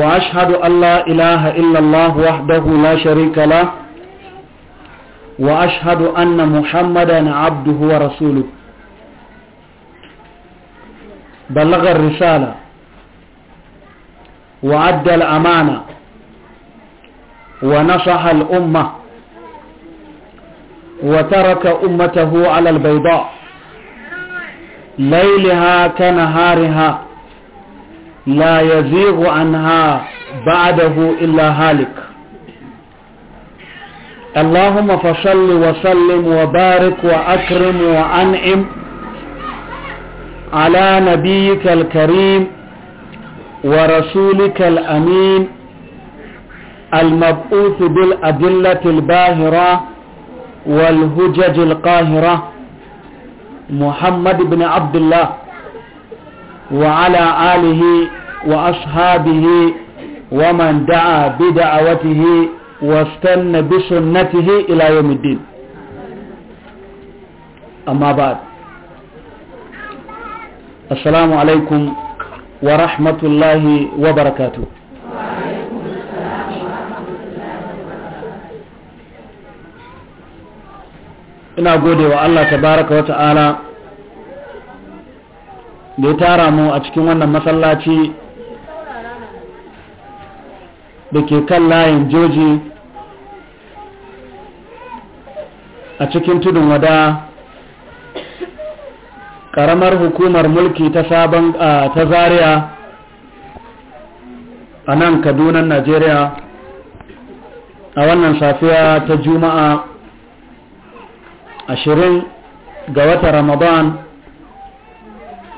وأشهد أن لا إله إلا الله وحده لا شريك له وأشهد أن محمدا عبده ورسوله بلغ الرسالة وعد الأمانة ونصح الأمة وترك أمته على البيضاء ليلها كنهارها لا يزيغ عنها بعده إلا هالك اللهم فصل وسلم وبارك وأكرم وأنعم على نبيك الكريم ورسولك الأمين المبعوث بالأدلة الباهرة والهجج القاهرة محمد بن عبد الله وعلى آله وأصحابه ومن دعا بدعوته واستنى بسنته إلى يوم الدين أما بعد السلام عليكم ورحمة الله وبركاته ina gode wa Allah tabaraka wa ta'ala da ya tara mu a cikin wannan masallaci da ke kan layin joji a cikin tudun wada ƙaramar hukumar mulki ta sabon ta zaria a nan Kaduna najeriya a wannan safiya ta juma'a ashirin ga watan ramadan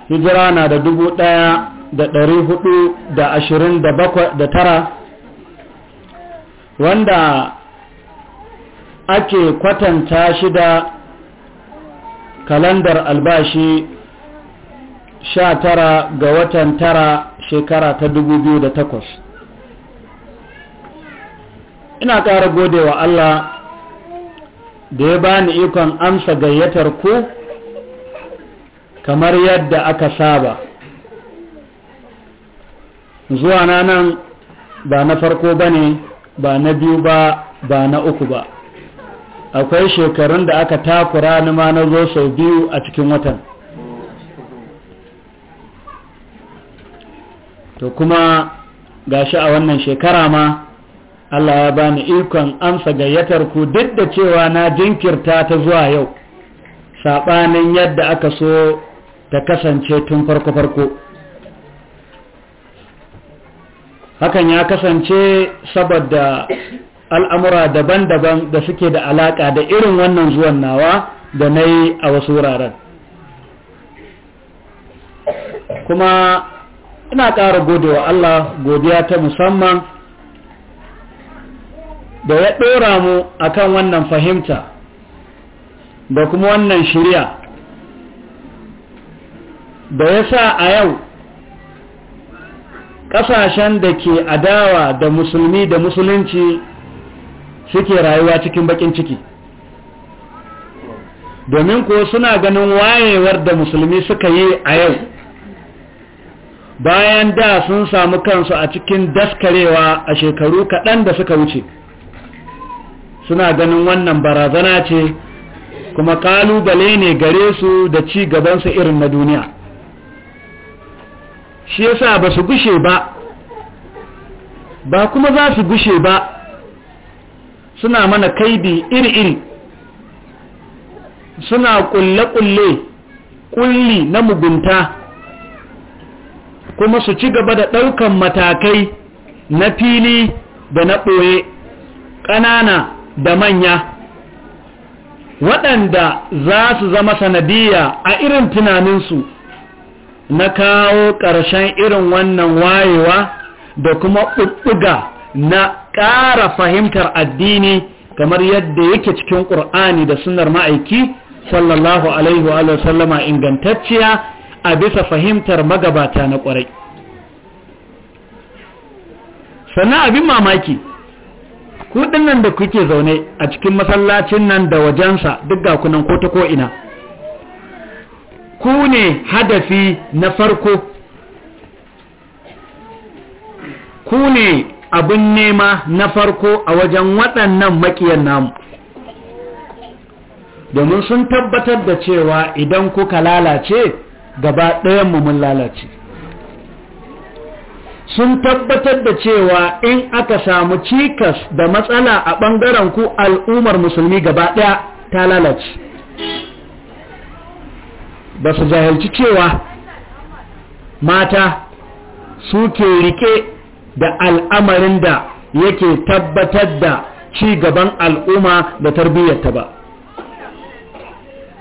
hijira na da dubu ɗaya da ɗari hudu da ashirin da bakwai da tara wanda ake kwatanta shi da kalandar albashi sha tara ga watan tara shekara ta dubu biyu da takwas ina ƙara gode wa Allah da ya bani ikon amsa gayyatar ku kamar yadda aka saba zuwa na nan ba na farko ba ne ba na biyu ba ba na uku ba akwai shekarun da aka takura ni ma na zo sau biyu a cikin watan to kuma gashi a wannan shekara ma Allah ya bani ikon amsa gayyatar ku duk da cewa na jinkirta ta zuwa yau saɓanin yadda aka so ta kasance tun farko-farko hakan ya kasance saboda al'amura daban-daban da suke da alaƙa da irin wannan zuwan nawa da na yi a wasu wuraren kuma ina ƙara gode wa Allah godiya ta musamman da ya ɗora mu akan wannan fahimta da kuma wannan shirya da ya sa a yau ƙasashen da ke adawa da musulmi da musulunci suke rayuwa cikin bakin ciki domin ko suna ganin wayewar da musulmi suka yi a yau bayan da sun samu kansu a cikin daskarewa a shekaru kaɗan da suka wuce suna ganin wannan barazana ce kuma kalubale ne gare su da ci gabansu irin na duniya shi yasa ba su gushe ba ba kuma za su gushe ba suna mana kaidi iri-iri suna kulle-kulle kulli na mugunta kuma su ci gaba da ɗaukan matakai na fili da na ɓoye ƙanana da manya waɗanda za su zama sanadiyya a irin tunaninsu na kawo ƙarshen irin wannan wayewa da kuma ɓuɓɓuga na ƙara fahimtar addini kamar yadda yake cikin ƙur'ani da sunar ma'aiki sallallahu alaihi wa sallama ingantacciya a bisa fahimtar magabata na ƙwarai sannan abin mamaki kuɗin nan da kuke zaune a cikin masallacin nan da wajensa duk ga kunan ko ta ina. ku ne hadafi na farko ku ne abin nema na farko a wajen waɗannan makiyan namu domin sun tabbatar da cewa idan kuka lalace gaba ɗayanmu mun lalace sun tabbatar da cewa in aka samu cikas da matsala a ɓangaren ku al'ummar musulmi gaba ɗaya ta lalace ba su jahilci cewa mata suke rike da al'amarin da yake tabbatar da ci gaban al'umma da tarbiyyarta ba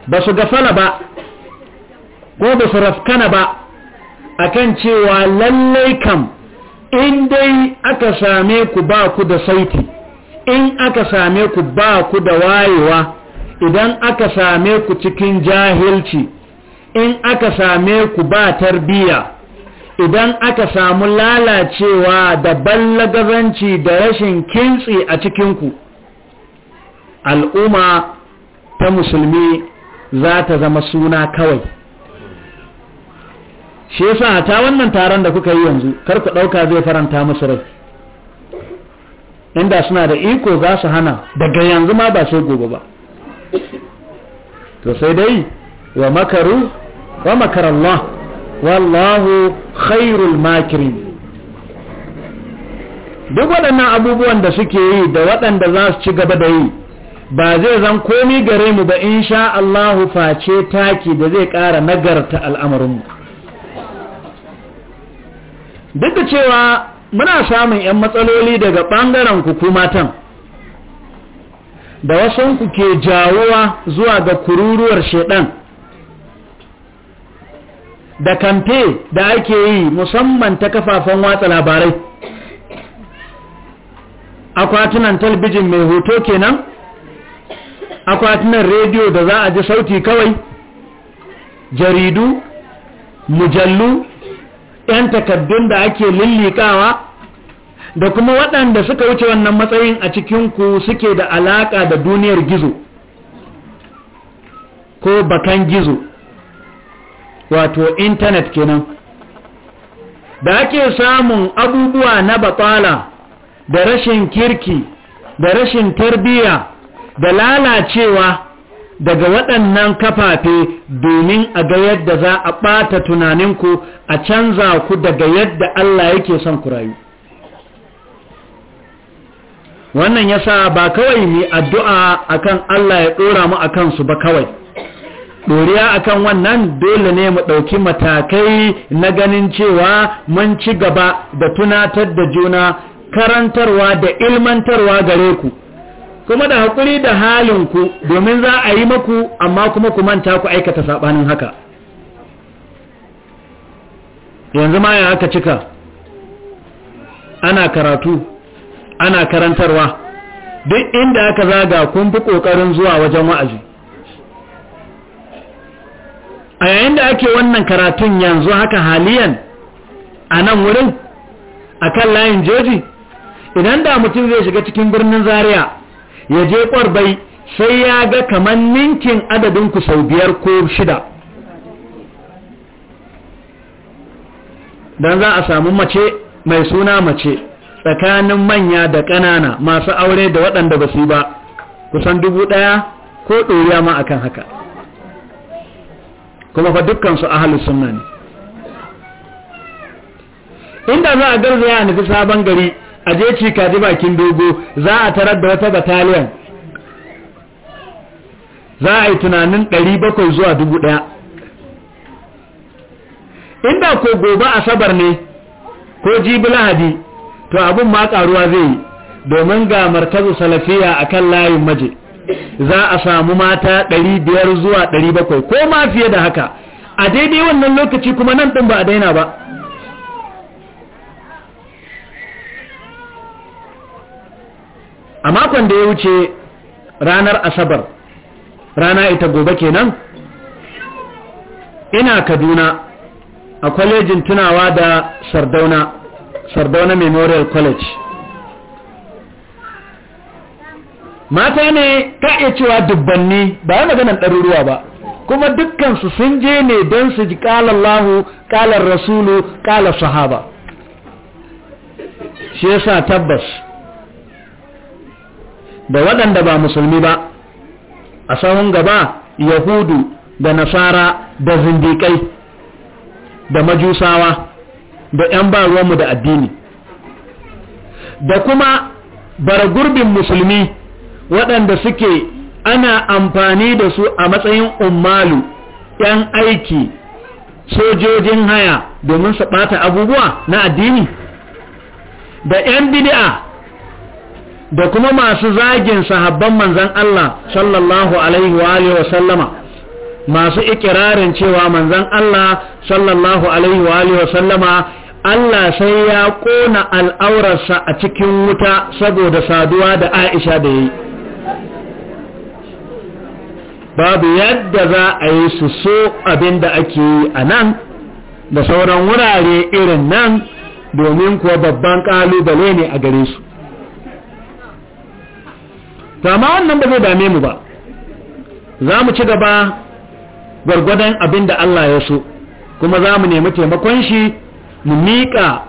ba su fala ba ko ba su rafkana ba akan cewa lallai kam in dai aka same ku ba ku da saiti in aka same ku ba ku da wayewa idan aka same ku cikin jahilci in aka same ku ba tarbiya idan aka samu lalacewa da ballagazanci da rashin kintsi a cikinku al'umma ta musulmi za ta zama suna kawai shi yasa ta wannan taron da kuka yi yanzu kar ku ɗauka zai faranta musu rai inda suna da iko za su hana daga yanzu ma ba sai gobe ba to sai dai wa makaru wa makar Allah wallahu khairul makirin duk waɗannan abubuwan da suke yi da waɗanda za su ci gaba da yi ba zai zan komi gare mu ba in sha Allahu face taki da zai ƙara nagarta al'amarinmu duk da cewa muna samun 'yan matsaloli daga ɓangaren kuku matan da wasanku ke jawowa zuwa ga kururuwar shaiɗan. da kamfe da ake yi musamman ta kafafen watsa labarai akwatunan talbijin mai hoto kenan akwatunan rediyo da za a ji sauti kawai jaridu mujallu 'yan takaddun da ake lillikawa da kuma waɗanda suka wuce wannan matsayin a cikinku suke da alaƙa da duniyar gizo ko bakan gizo wato intanet kenan da ake samun abubuwa na batsala da rashin kirki da rashin tarbiyya da lalacewa daga waɗannan kafafe domin a ga yadda za a ɓata tunaninku a canza ku daga yadda Allah yake son ku rayu wannan yasa ba kawai mu addu'a akan Allah ya ɗora mu akan su ba kawai doriya akan wannan dole ne mu ɗauki matakai na ganin cewa mun ci gaba da tunatar da juna karantarwa da ilmantarwa gare ku kuma da haƙuri da halin ku domin za a yi maku amma kuma ku manta ku aikata saɓanin haka yanzu ma ya aka cika ana karatu ana karantarwa duk inda aka zaga kun fi ƙoƙarin zuwa wajen wa'azi a yayin da ake wannan karatun yanzu haka haliyan a nan wurin a kan layin joji idan da mutum zai shiga cikin birnin Zariya ya je ƙwarbai sai ya ga kamar ninkin adadin ku sau biyar ko shida don za a samu mace mai suna mace tsakanin manya da ƙanana masu aure da waɗanda ba su ba kusan dubu ɗaya ko ɗoriya ma akan haka kuma fa dukkansu ahalus sunna ne inda za a garzaya a nufi sabon gari a je cikaji bakin dogo za a tarar da wata bataliyan za a yi tunanin 700 zuwa 1000 inda ko gobe asabar ne ko jibi lahadi to abin ma karuwa zai yi domin ga martazu salafiya akan layin maje za a samu mata ɗari biyar zuwa ɗari bakwai, ko ma fiye da haka a daidai wannan lokaci kuma nan ɗin ba a daina ba a makon da ya wuce ranar asabar rana ita gobe kenan ina kaduna a kwalejin tunawa da sardauna sardauna memorial college mata ne ta iya cewa dubbanni ba yana ganin ɗaruruwa ba kuma dukkansu sun je ne don su ji ƙalar lahu ƙalar rasulu ƙalar sahaba shi yasa tabbas da waɗanda ba musulmi ba a sahun gaba yahudu da nasara da zindikai da majusawa da 'yan ba da addini da kuma bara gurbin musulmi waɗanda suke ana amfani da su a matsayin ummalu ‘yan aiki sojojin haya domin su ɓata abubuwa na addini da ‘yan bid'a da kuma masu zagin sahabban manzan Allah sallallahu alaihi wa sallama masu ikirarin cewa manzan Allah sallallahu alaihi wa sallama Allah sai ya ƙona al'aurarsa a cikin wuta saboda saduwa da Aisha da ya yi. babu yadda za a yi su so abin da ake yi a nan da sauran wurare irin nan domin kuwa babban ƙalubale ne a gare su ma wannan ba zai dame mu ba za mu ci gaba gwargwadon abin da Allah ya so kuma za mu nemi taimakon shi mu miƙa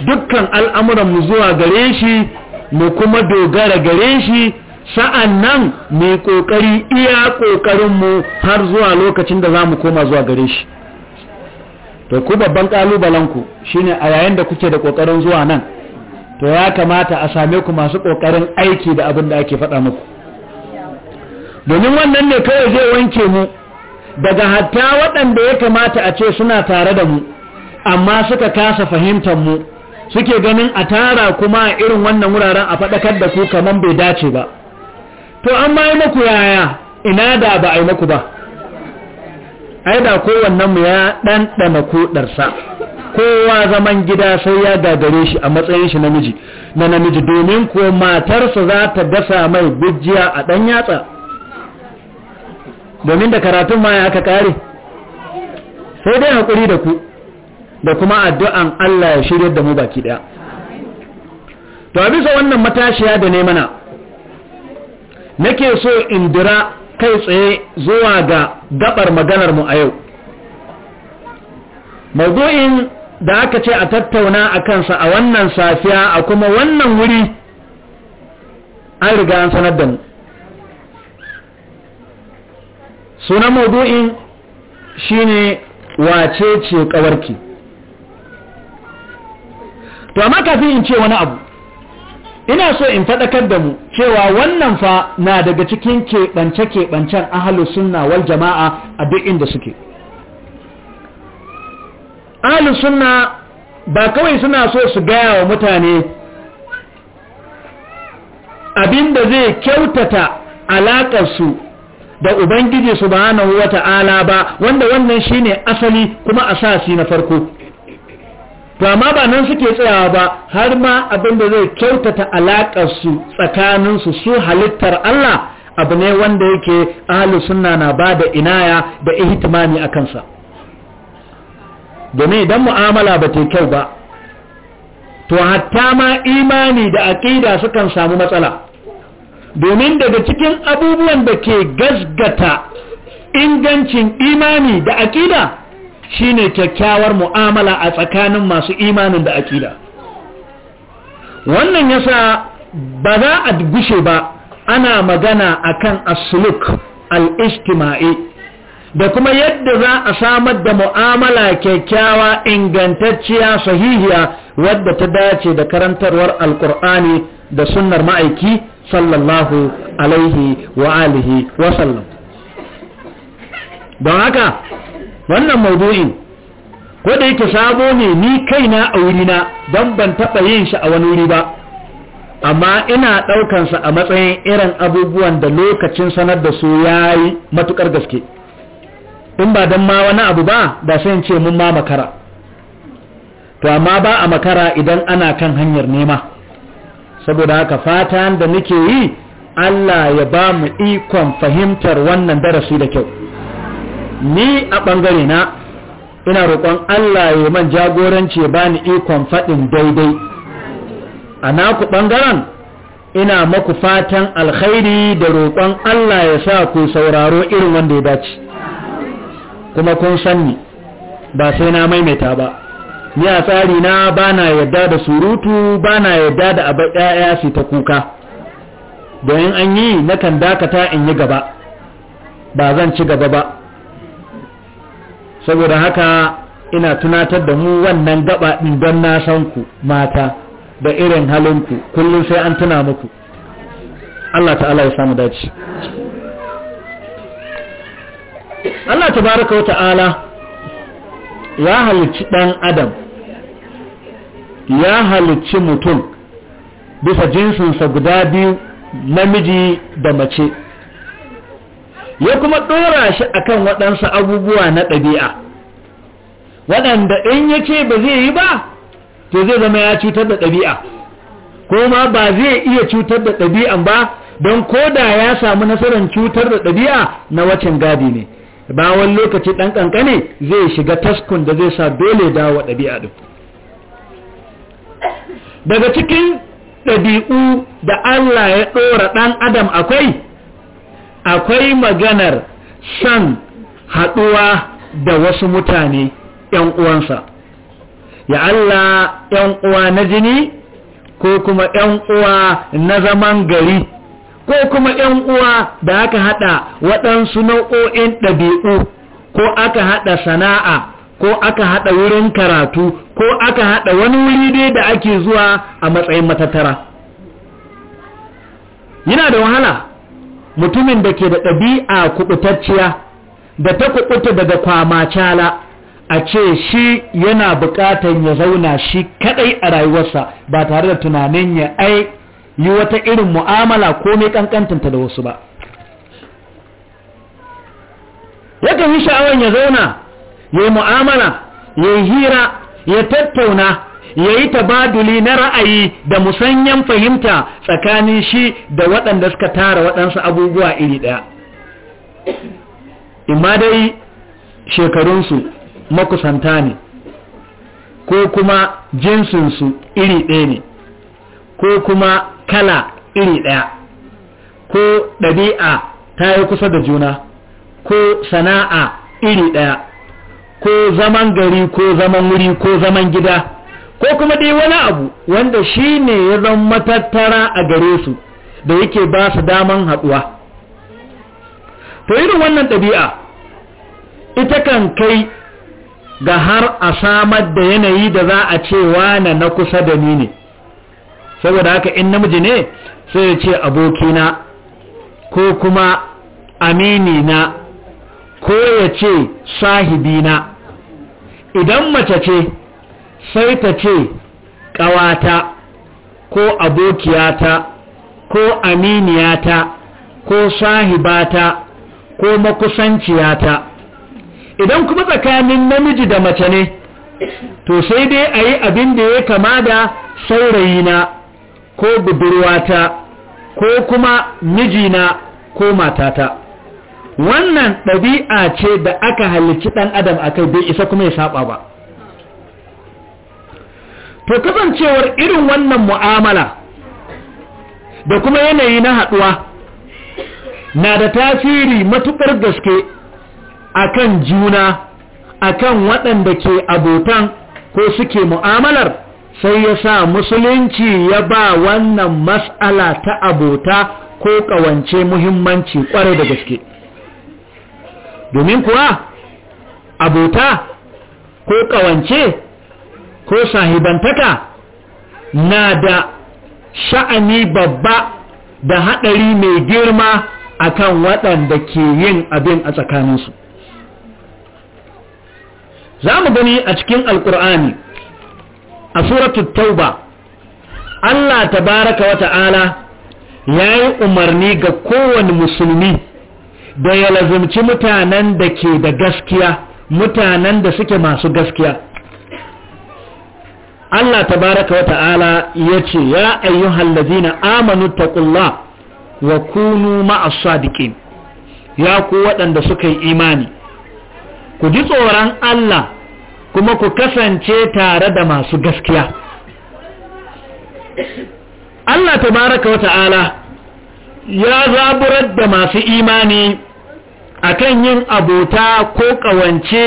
dukkan al'amuranmu zuwa gare shi mu kuma dogara gare shi sa'an nan mai ƙoƙari iya ƙoƙarinmu har zuwa lokacin da za mu koma zuwa gare shi to ku babban ƙalubalenku shine a yayin da kuke da ƙoƙarin zuwa nan to ya kamata a same ku masu ƙoƙarin aiki da abin da ake faɗa muku domin wannan ne kawai zai wanke mu daga hatta waɗanda ya kamata a ce suna tare da mu amma suka kasa fahimtar mu suke ganin a tara kuma irin wannan wuraren a faɗakar da ku kamar bai dace ba to an ma yi maku yaya ina da ba a yi maku ba ai da mu ya ɗanɗana koɗarsa, kowa zaman gida sai ya gagare shi a matsayin shi namiji na namiji domin ko matarsa za ta gasa mai gujiya a ɗan yatsa domin da karatun ma ya aka ƙare sai dai hakuri da ku da kuma addu'an Allah ya shirya da mu baki ɗaya to a bisa wannan matashiya da ne mana nake so in dira kai tsaye zuwa ga gabar maganar mu a yau mawdu'in da aka ce a tattauna a kansa a wannan safiya a kuma wannan wuri an riga an sanar da mu sunan mawdu'in shine wace ce kawarki to amma kafin in ce wani abu ina so in faɗakar da mu cewa wannan fa na daga cikin keɓance-keɓancen ahalu sunna wal jama'a a duk inda suke ahalu sunna ba kawai suna so su gaya wa mutane abin da zai kyautata alaƙarsu da ubangiji subhanahu wata'ala ba wanda wannan shine asali kuma asasi na farko to amma ba nan suke tsayawa ba har ma abin da zai kyautata alakar su tsakanin su halittar Allah abu ne wanda yake ahlus sunna na ba da inaya da ihtimami a kansa domin idan mu'amala ba ta kyau ba to hatta ma imani da aƙida sukan samu matsala domin daga cikin abubuwan da ke gasgata ingancin imani da aƙida? shine kyakkyawar mu'amala a tsakanin masu imanin da aƙida wannan yasa ba za a gushe ba ana magana akan asuluk al-ijtima'i da kuma yadda za a samar da mu'amala kyakkyawa ingantacciya sahihiya wadda ta dace da karantarwar alkur'ani da sunnar ma'aiki sallallahu alaihi wa alihi don haka wannan maudu'in ko da yake sabo ne ni kaina a wurina don ban taɓa yin shi a wani wuri ba amma ina ɗaukansa a matsayin irin abubuwan da lokacin sanar da su ya yi matuƙar gaske in ba don ma wani abu ba da sai ce mun ma makara to amma ba a makara idan ana kan hanyar nema saboda haka fatan da nake yi Allah ya ba mu ikon fahimtar wannan darasi da kyau ni a ɓangare na ina roƙon Allah ya man jagoranci ba ni ikon faɗin daidai a naku ɓangaren ina maku fatan alkhairi da roƙon Allah ya sa ku sauraro irin wanda ya dace kuma kun sanni ba sai na maimaita ba ni a tsari na ba na yadda da surutu ba na yadda da abin ɗaya su ta kuka don an yi nakan dakata in yi gaba ba zan ci gaba ba saboda haka ina tunatar da mu wannan gaba din don na san ku mata da irin halinku kullum sai an tuna muku Allah ta'ala ya samu dace Allah tabaraka wa ta'ala ya halicci dan adam ya halicci mutum bisa jinsinsa guda biyu namiji da mace ya kuma ɗora shi a kan waɗansu abubuwa na ɗabi'a waɗanda in ya ce ba zai yi ba to zai zama ya cutar da ɗabi'a kuma ba zai iya cutar da ɗabi'an ba don ko da ya samu nasarar cutar da ɗabi'a na wacin gadi ne wani lokaci ɗan ƙanƙane zai shiga taskun da zai sa dole dawo ɗabi'a ɗin daga cikin ɗabi'u da Allah ya ɗora ɗan adam akwai akwai maganar san haɗuwa da wasu mutane ‘yan uwansa ya Allah ‘yan uwa na jini ko kuma ‘yan uwa na zaman gari ko kuma ‘yan uwa da aka haɗa waɗansu nau'o'in ɗabi'u ko aka haɗa sana'a ko aka haɗa wurin karatu ko aka haɗa wani wuri dai da ake zuwa a matsayin matattara yana da wahala mutumin da ke da ɗabi'a kuɓutacciya da ta kuɓuta daga kwamacala a ce shi yana buƙatar ya zauna shi kaɗai a rayuwarsa ba tare da tunanin ya ai yi wata irin mu'amala ko mai ƙanƙantanta da wasu ba yakan yi sha'awar ya zauna ya yi mu'amala ya yi hira ya tattauna ya yi tabaduli na ra'ayi da musanyen fahimta tsakanin shi da waɗanda suka tara waɗansu abubuwa iri ɗaya Ima dai shekarunsu makusanta ne ko kuma jinsinsu iri ɗaya ne ko kuma kala iri ɗaya ko ɗabi'a ta yi kusa da juna ko sana'a iri ɗaya ko zaman gari ko zaman wuri ko zaman gida ko kuma dai wani abu wanda shi ne ya zan matattara a gare su da yake ba su daman haɗuwa to irin wannan ɗabi'a ita kan kai ga har a samar da yanayi da za a ce wane na kusa da ni ne saboda haka in namiji ne sai ya ce abokina ko kuma aminina ko ya ce sahibina idan mace ce sai ta ce ƙawata ko abokiyata ko aminiyata ko sahibata ko makusanciyata idan kuma tsakanin namiji da mace ne to sai dai a yi abin da ya kama da saurayina ko budurwata ko kuma mijina ko matata wannan ɗabi'a ce da aka halicci ɗan adam a kai bai isa kuma ya saba ba to kasancewar irin wannan mu'amala da kuma yanayi na haduwa na da tasiri matuƙar gaske akan juna akan waɗanda ke abotan ko suke mu'amalar sai ya sa musulunci ya ba wannan mas'ala ta abota ko ƙawance muhimmanci ƙware da gaske domin kuwa abota ko ƙawance ko sahibantaka na da sha'ani babba da haɗari mai girma a kan waɗanda ke yin abin a tsakaninsu za mu gani a cikin alkur'ani a sura tauba Allah tabaraka wa ta'ala ya yi umarni ga kowane musulmi da ya lazumci mutanen da ke da gaskiya mutanen da suke masu gaskiya Allah tabaraka wa ta'ala ya ce ya hallazi na amanu taqullah wa kunu ma'as dike, ya ku waɗanda suka yi imani ku ji tsoron Allah kuma ku kasance tare da masu gaskiya Allah tabaraka wa ta'ala ya zaburar da masu imani akan yin abota ko ƙawance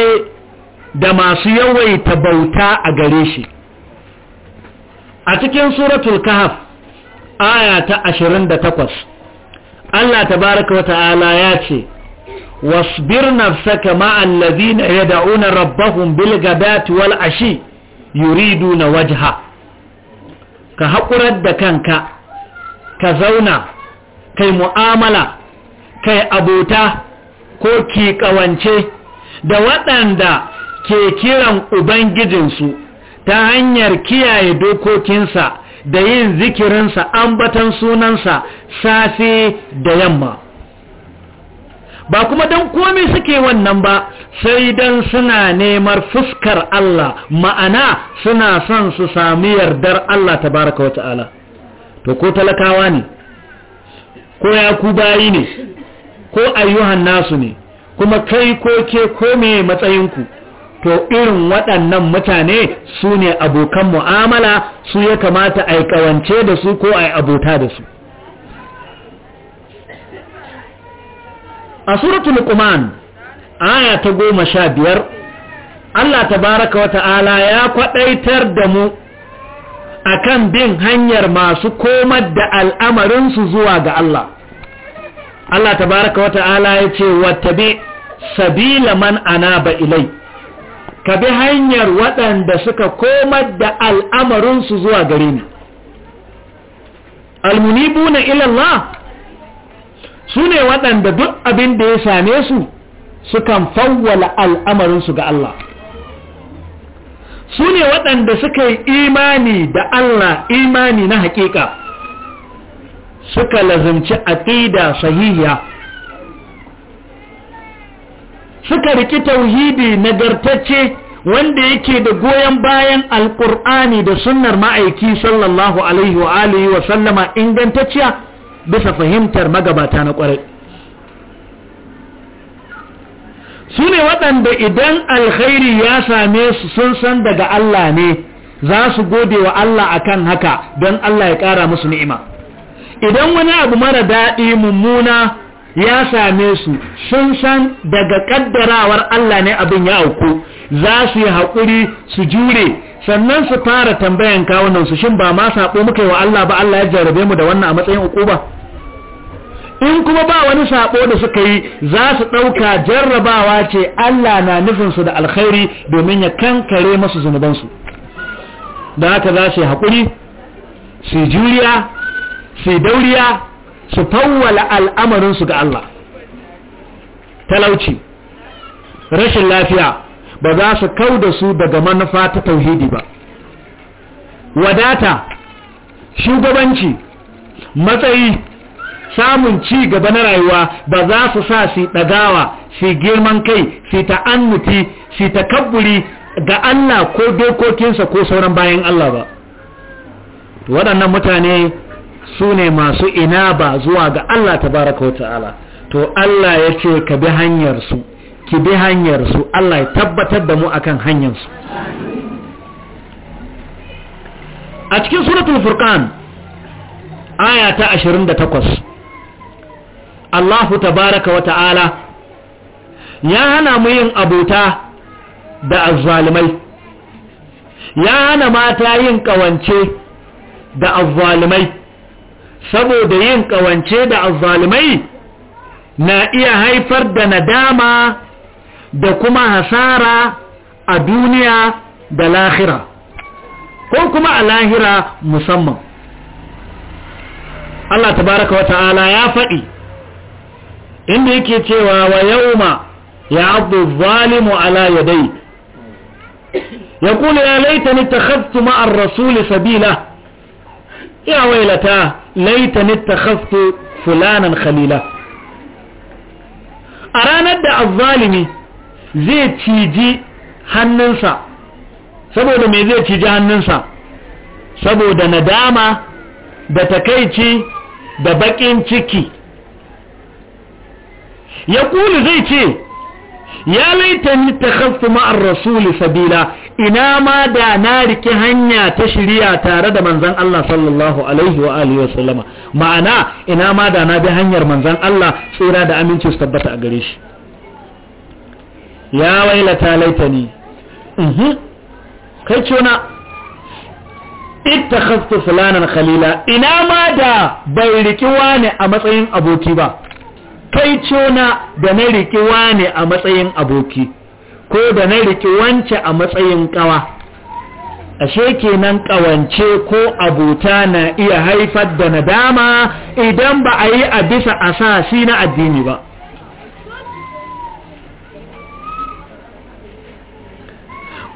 da masu yawaita bauta a gare shi a cikin suratul kahf aya ta 28 Allah tabaraka wa ta'ala ya ce wasbir nafsaka ma'al ladina yad'una rabbahum bil ghadati wal ashi yuriduna wajha ka haƙurar da kanka ka zauna kai mu'amala kai abota ko ki ƙawance da waɗanda ke kiran ubangijinsu ta hanyar kiyaye dokokinsa da yin zikirinsa ambatan sunansa safe da yamma ba kuma don komai suke wannan ba sai don suna nemar fuskar Allah ma'ana suna son su sami yardar Allah tabaraka wa ta'ala to ko talakawa ne ko ya ku bayi ne ko ayyuhan nasu ne kuma kai ko ke ko me matsayinku to irin waɗannan mutane su ne abokan mu'amala su ya kamata a yi ƙawance da su ko a yi abota da su a suratul kuman aya ta goma sha biyar Allah tabaraka wa ta'ala ya kwaɗaitar da mu a kan bin hanyar masu komar da al'amarinsu zuwa ga Allah Allah tabaraka wa ta'ala ya ce wata bi sabila man anaba ilai ka bi hanyar waɗanda suka komar da al'amarinsu zuwa gare ni almunibu na ilallah su ne waɗanda duk abin da ya same su sukan fawwala al'amarinsu ga Allah su ne waɗanda suka yi imani da Allah imani na haƙiƙa suka lazimci aƙida sahihiya suka riki tauhidi nagartacce wanda yake da goyon bayan alkur'ani da sunnar ma'aiki sallallahu alaihi wa alihi wa sallama ingantacciya bisa fahimtar magabata na kwarai su ne waɗanda idan alkhairi ya same su sun san daga Allah ne za su gode wa Allah akan haka don Allah ya ƙara musu ni'ima idan wani abu mara daɗi mummuna ya same su sun san daga kaddarawar Allah ne abin ya auku za su yi haƙuri su jure sannan su fara tambayan kawunan su shin ba ma saɓo muka yi wa Allah ba Allah ya jarabe mu da wannan a matsayin ukuba in kuma ba wani saɓo da suka yi za su ɗauka jarrabawa ce Allah na nufinsu da alkhairi domin ya kankare masu zunubansu da haka za su yi haƙuri su juriya su dauriya su fawwala al'amarinsu ga Allah talauci rashin lafiya ba za su kau da su daga manufa ta tauhidi ba wadata shugabanci matsayi samun ci gaba na rayuwa ba za su sa su ɗagawa su girman kai su ta'annuti su takabburi ga Allah ko dokokinsa ko sauran bayan Allah ba waɗannan mutane su ne masu inaba zuwa ga Allah tabaraka wa ta'ala to Allah ya ce ka bi hanyarsu ki bi hanyarsu Allah ya tabbatar da mu akan hanyarsu a cikin suratul furqan aya ta 28 Allahu tabaraka wa ta'ala ya hana mu yin abuta da azzalimai ya hana mata yin kawance da azzalimai saboda yin kawance da azzalumai na iya haifar da nadama da kuma hasara a duniya da lahira ko kuma a lahira musamman Allah tabaraka wa ta'ala ya faɗi inda yake cewa wa ma ya abu zalimu ala dai. ya kula ya laita ni ta ma'ar rasuli sabila ya wailata laitani takhaftu fulanan khalila a ranar da azzalimi zai ciji hannunsa saboda me zai ciji hannunsa saboda nadama da takaici da bakin ciki ya kulu zai ce ya laitani takhaffu ma'ar rasul sabila ina ma da na riki hanya ta shiriya tare da manzan Allah sallallahu alaihi wa alihi wasallama ma'ana ina ma da na bi hanyar manzan Allah tsira da aminci su tabbata a gare shi ya waila ta laita ni. kai ciona ittakhaftu fulanan khalila ina ma da bai riki wani a matsayin aboki ba kai cona da na riki wane a matsayin aboki ko da na riki wance a matsayin ƙawa. ashe kenan ƙawance ko abota na iya haifar da nadama idan ba a yi a bisa asasi na addini ba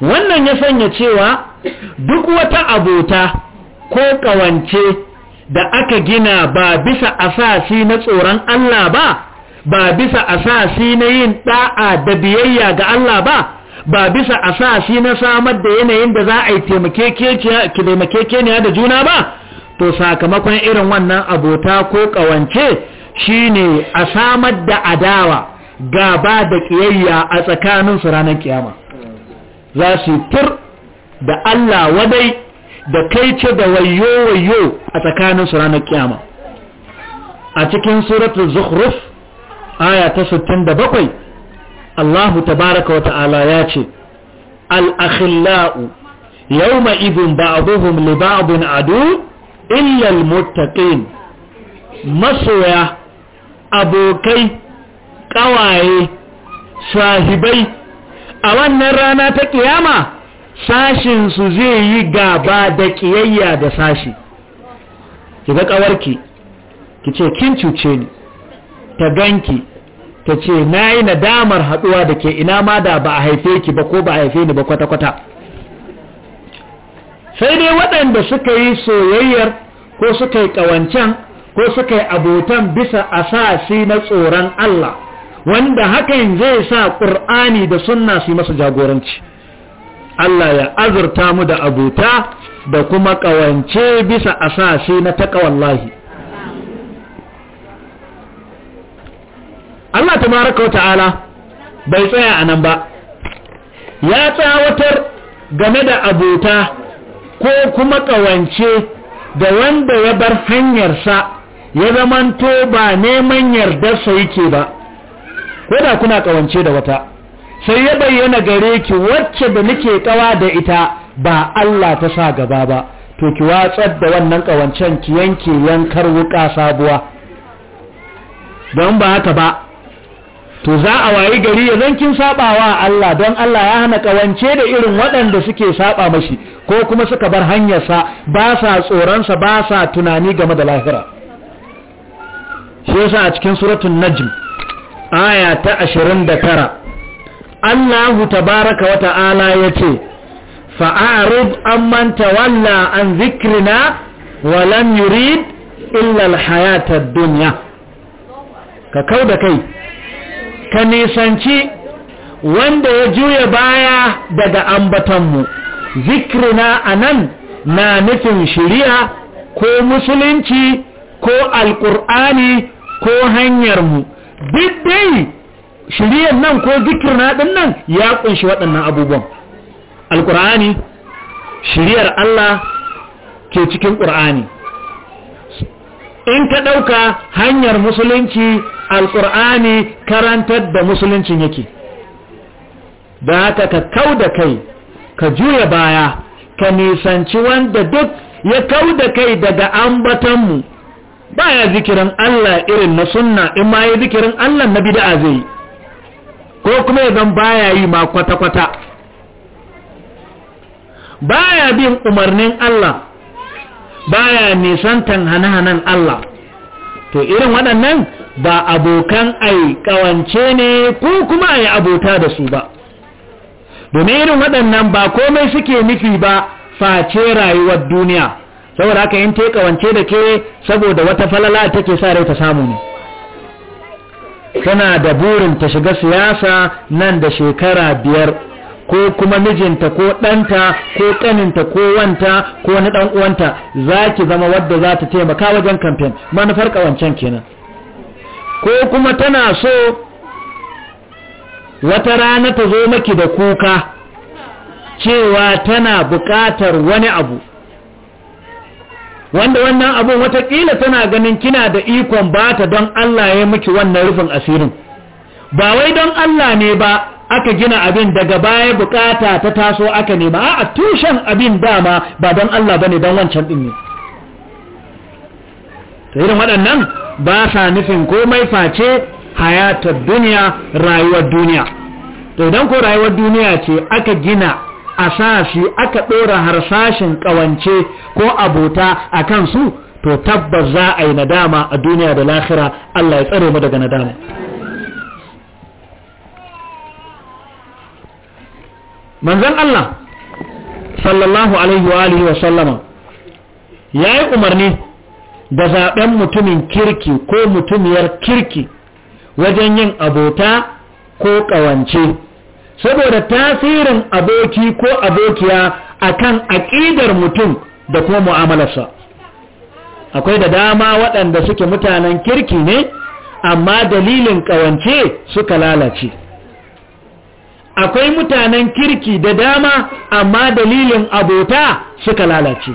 wannan ya sanya cewa duk wata abota ko ƙawance. da aka gina ba bisa asasi na tsoron Allah ba ba bisa asasi na yin ɗa'a da biyayya ga Allah ba ba bisa asasi na samar da yanayin da za a yi ne da juna ba to sakamakon irin wannan abota ko ƙawance shine a samar da adawa gaba da ƙiyayya a tsakaninsu ranar kiyama za su tur da Allah wadai da kai ce da wayo wayo a tsakanin su ranar kiyama a cikin suratul zukhruf aya ta 67 Allahu tabaraka wa ta'ala ya ce al-akhillau yawma idhin ba'dhum li ba'dhin adu illa al-muttaqin masoya abokai kawaye sahibai a wannan rana ta kiyama su zai yi gaba da ƙiyayya da sashi ki ga ƙawarki ki ce kin cuce ni ta ganki ta ce na yi nadamar haɗuwa da ke ina ma da ba a haife ki ba ko ba a haife ni ba kwata-kwata sai dai waɗanda suka yi soyayyar ko suka yi ƙawancen ko suka yi abotan bisa asasi na tsoron Allah wanda hakan zai sa ƙur'ani da sunna su yi masa jagoranci Allah ya azurta mu da abuta da kuma ƙawance bisa asashe na taƙawallahi Allah Ta wa ta'ala bai tsaya a nan ba ya tsawatar game da abuta ko kuma ƙawance da wanda ya bar hanyarsa ya zamanto ba neman yardar yardarsa yake ba ko da kuna ƙawance da wata sai ya bayyana gare ki wacce da nake kawa da ita ba Allah ta sa gaba ba to ki watsar da wannan kawancan ki yanke yankar wuka sabuwa don ba haka ba to za a wayi gari ya zan kin Allah don Allah ya hana kawance da irin waɗanda suke saba mashi ko kuma suka bar hanyarsa ba sa tsoronsa ba sa tunani game da lahira shi yasa a cikin suratul najm aya ta 29 Allah tabaraka wa ta'ala ya ce an manta walla an zikrina wa lam yurid illa alhayata duniya. ka kau da kai ka nisanci wanda ya juya baya daga ambatanmu zikrina nan na nufin shari'a ko musulunci ko Alƙur'ani ko hanyarmu duk dai shiriyar nan ko zikir na ɗin nan ya kunshi waɗannan abubuwan alƙur'ani shiriyar Allah ke cikin ƙur'ani in ka ɗauka hanyar musulunci alƙur'ani karantar da musuluncin yake da haka ka kau da kai ka juya baya ka nisanci wanda duk ya kau da kai daga ambatanmu ba ya zikirin Allah irin na sunna in ma ya zikirin Allah na bida'a zai yi ko kuma ya zan baya yi ma kwata-kwata baya bin umarnin Allah baya nisantan hane-hanen Allah to irin waɗannan ba abokan ai kawance ne ko kuma ai abota da su ba domin irin waɗannan ba komai suke nufi ba face rayuwar duniya saboda haka in ta kawance da ke saboda wata falala take sa rai ta samu ne tana da burin ta shiga siyasa nan da shekara biyar ko kuma mijinta ko ɗanta ko ƙaninta ko wanta ko wani ɗan uwanta za ki zama wadda za ta taimaka wajen kamfen manufar ƙawancen kenan ko kuma tana so wata rana ta zo maki da kuka cewa tana buƙatar wani abu wanda wannan abun watakila tana ganin kina da ikon ba ta don Allah ya miki wannan rufin asirin ba wai don Allah ne ba aka gina abin daga baya bukata ta taso aka nema a tushen abin dama ba don Allah bane don wancan din ne to irin waɗannan ba sa nufin komai face hayatar duniya rayuwar duniya to idan ko rayuwar duniya ce aka gina a sa shi aka ɗora harsashin ƙawance ko abota a kansu. to tabbas za a yi nadama a duniya da lahira Allah ya tsare mu daga nadama manzan Allah sallallahu alaihi wa alihi wa sallama ya yi umarni da zaɓen mutumin kirki ko mutumiyar kirki wajen yin abota ko ƙawance saboda tasirin aboki ko abokiya a kan aƙidar mutum da kuma mu'amalarsa akwai da dama waɗanda suke mutanen kirki ne amma dalilin ƙawance suka lalace akwai mutanen kirki da dama amma dalilin abota suka lalace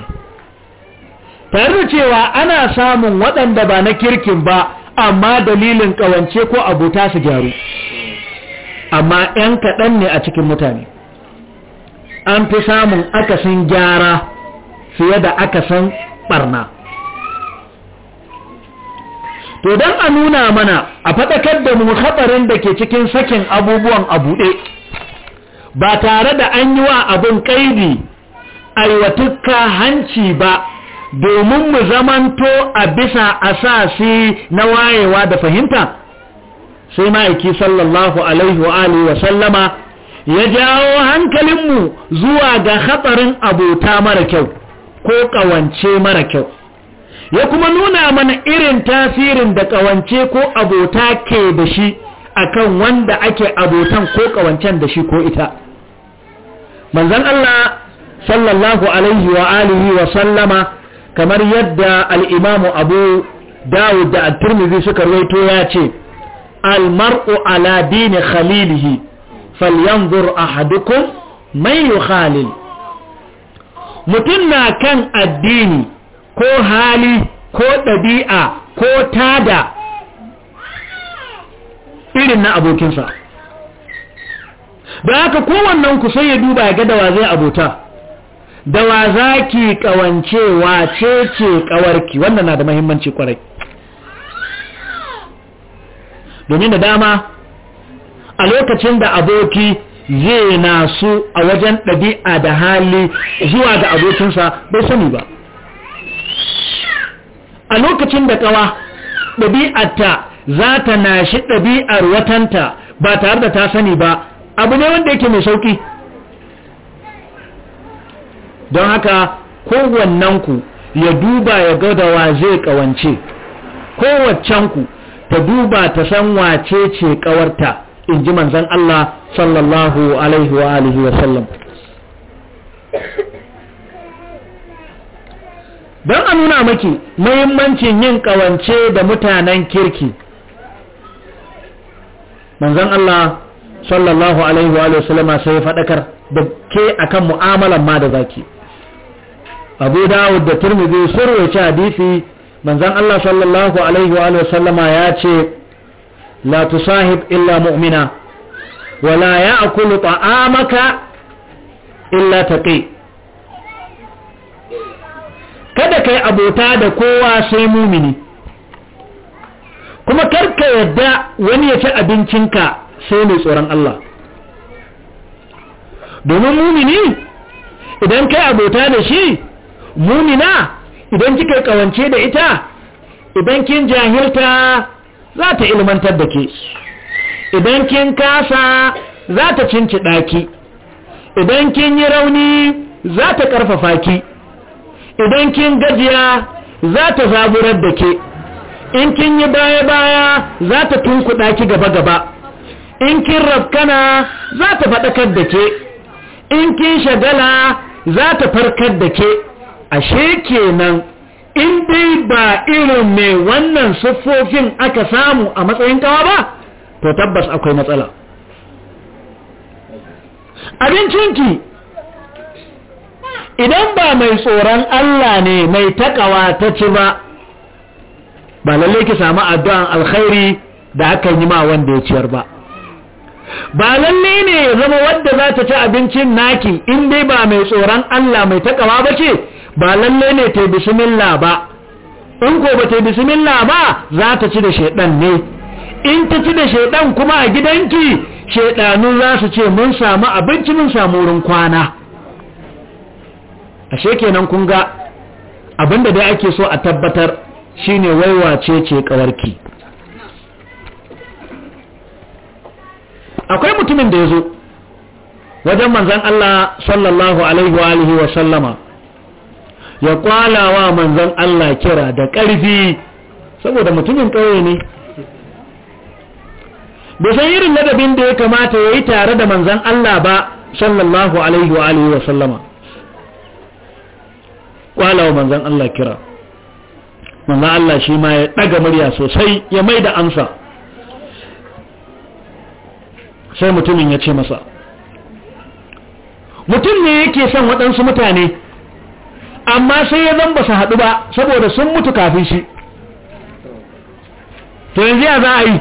tare da cewa ana samun waɗanda ba na kirkin ba amma dalilin ƙawance ko abota su gyaru amma 'yan kaɗan ne a cikin mutane an fi samun akasin gyara fiye da akasin ɓarna. to don a nuna mana a faɗakar da mu haɗarin da ke cikin sakin abubuwan a buɗe ba tare da an yi wa abin ƙa'ibi aiwatukka hanci ba domin mu zamanto a bisa asasi na wayewa da fahimta sai ma'aiki sallallahu alaihi wa alihi wa sallama ya jawo hankalinmu zuwa ga hatsarin abota mara kyau ko kawance mara kyau ya kuma nuna mana irin tasirin da kawance ko abota ke da shi akan wanda ake abotan ko kawancen da shi ko ita manzon Allah sallallahu alaihi wa alihi wa sallama kamar yadda al-imamu Abu Dawud da At-Tirmidhi suka rawaito ya ce almar'u ala dini khalilihi falyanzur ahadukum man yukhalil mutum na kan addini ko hali ko ɗabi'a ko tada irin na abokinsa da haka kowannen ku sai ya duba ya ga da zai abota wa za ki ƙawancewa ce ce ƙawarki wannan na da mahimmanci kwarai domin da dama a lokacin da aboki zai na su a wajen ɗabi'a da hali zuwa ga abokinsa bai sani ba a lokacin da ƙawa ɗabi'arta za ta na shi ɗabi'ar watanta ba tare da ta sani ba abu ne wanda yake mai sauƙi don haka kowannenku ya duba ya wa zai ƙawance kowaccenku ta duba ta san wace ce kawarta in ji manzon Allah sallallahu alaihi wa alihi wa sallam don a nuna maki muhimmancin yin kawance da mutanen kirki manzon Allah sallallahu alaihi wa sallama sai ya faɗakar da ke akan mu'amalan ma da zaki abu dawud da turmizi sun rawaci hadisi manzan Allah sallallahu alaihi wa sallama ya ce la tusahib illa mu'mina wa la ya'kulu ta'amaka illa taqi kada kai abota da kowa sai mumini kuma karka yadda wani ya ci abincinka sai mai tsoron Allah domin mumini idan kai abota da shi mumina idan kika kawance da ita idan kin jahilta za ta ilmantar da ke idan kin kasa za ta cinci ɗaki idan kin yi rauni za ta ƙarfafa ki idan kin gajiya za ta zaburar da ke in kin yi baya-baya za ta tunku ki gaba-gaba in kin rafkana za ta faɗakar da ke in kin shagala za ta farkar da ke ashe kenan in dai ba irin mai wannan siffofin aka samu a matsayin kawa ba to tabbas akwai matsala abincinki idan ba mai tsoron Allah ne mai takawa ta ci ba ba lalle ki samu addu'an alkhairi da aka yi ma wanda ya ciyar ba ba lalle ne ya zama wadda za ta ci abincin naki in dai ba mai tsoron Allah mai takawa ba ce ba lalle ne ta bismillah ba in ko ba ta bismillah ba za ta ci da shaidan ne in ta ci da shaidan kuma a gidanki shaidanun za su ce mun samu abinci mun samu wurin kwana ashe kenan kun ga abinda dai ake so a tabbatar shine waiwace ce kawarki akwai mutumin da ya zo wajen manzan Allah sallallahu alaihi wa sallama ya kwalawa manzon Allah kira da ƙarfi saboda mutumin ƙauye ne bai san irin ladabin da ya kamata ya yi tare da manzon Allah ba sallallahu alaihi wa alihi wa sallama kwalawa manzon Allah kira manzon Allah shi ma ya ɗaga murya sosai ya mai da amsa sai mutumin ya ce masa mutum ne yake son waɗansu mutane amma sai ya zan ba su haɗu ba saboda sun mutu kafin shi to yanzu ya za a yi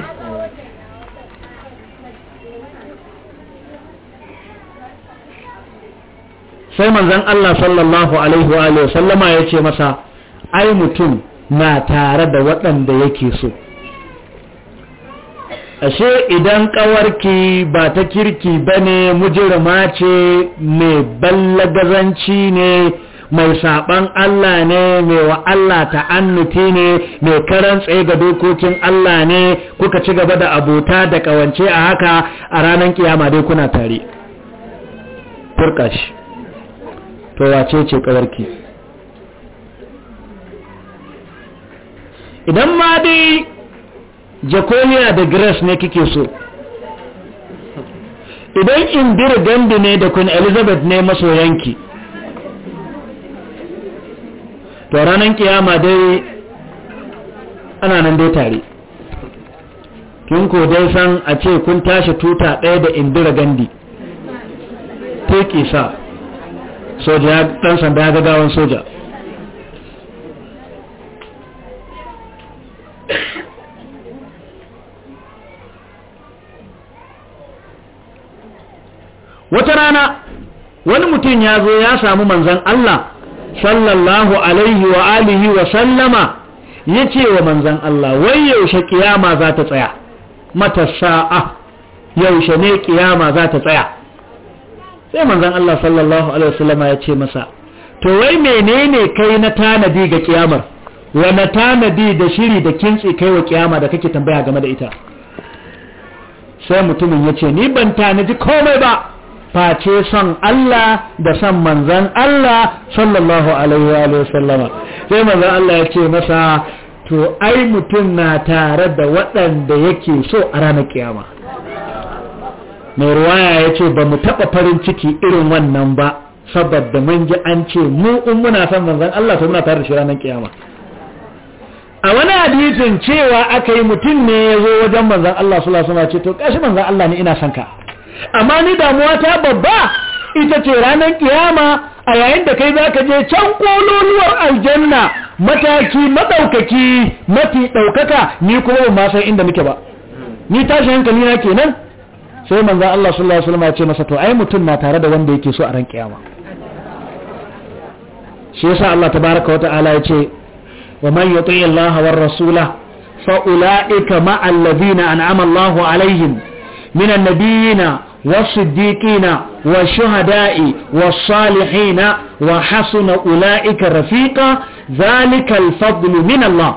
sai manzan Allah sallallahu alaihi wa sallama ya ce masa ai mutum na tare da waɗanda yake so ashe idan ƙawarki ba ta kirki ba ne mujirma ce mai ballagazanci ne mai saban Allah ne mai wa Allah ta'annuti ne mai karan ga dokokin Allah ne kuka ci gaba da abota da kawance a haka a ranar kiyama dai kuna tare turkash to wace ce kawarki idan ma dai jakoniya da grace ne kike so idan indira gandu ne da kun elizabeth ne masoyanki to ranar kiyama dai ana nan dai tare kin ko dai san a ce kun tashi tuta ɗaya da indira gandi teke sa soja ya ɗan sanda ya gagawan soja wata rana wani mutum ya zo ya samu manzan Allah sallallahu alaihi wa alihi wa sallama ya ce wa manzan Allah wai yaushe kiyama za ta tsaya Matasa'a yaushe ne kiyama za ta tsaya sai manzan Allah sallallahu alaihi wa sallama ya ce masa to wai menene kai na tanadi ga kiyamar wane tanadi da shiri da kintsi kai wa kiyama da kake tambaya game da ita sai mutumin ya ce ni ban tanadi komai ba face son Allah da son manzan Allah sallallahu alaihi wa sallama sai manzan Allah ya ce masa to ai mutum na tare da waɗanda yake so a ranar kiyama mai ruwaya ya ce ba mu taɓa farin ciki irin wannan ba saboda mun ji an ce mu in muna son manzan Allah to muna tare da shi ranar kiyama a wani hadisin cewa aka yi mutum ne ya zo wajen manzan Allah sallallahu alaihi ce to kashi manzan Allah ne ina son ka amma ni damuwa ta babba ita ce ranar kiyama a yayin da kai zaka je can kololuwar aljanna mataki maɗaukaki mafi ɗaukaka. ni kuma ba ma inda muke ba ni tashi hankali na kenan sai manzo Allah sallallahu alaihi wasallam ya ce masa to ai mutum na tare da wanda yake so a ran kiyama shi yasa Allah tabaraka wa ta'ala ya ce wa man yuti Allah war rasula fa ulaika ma alladhina an'ama Allah alaihim min annabiyina والصديقين والشهداء والصالحين وحسن أولئك رفيقا ذلك الفضل من الله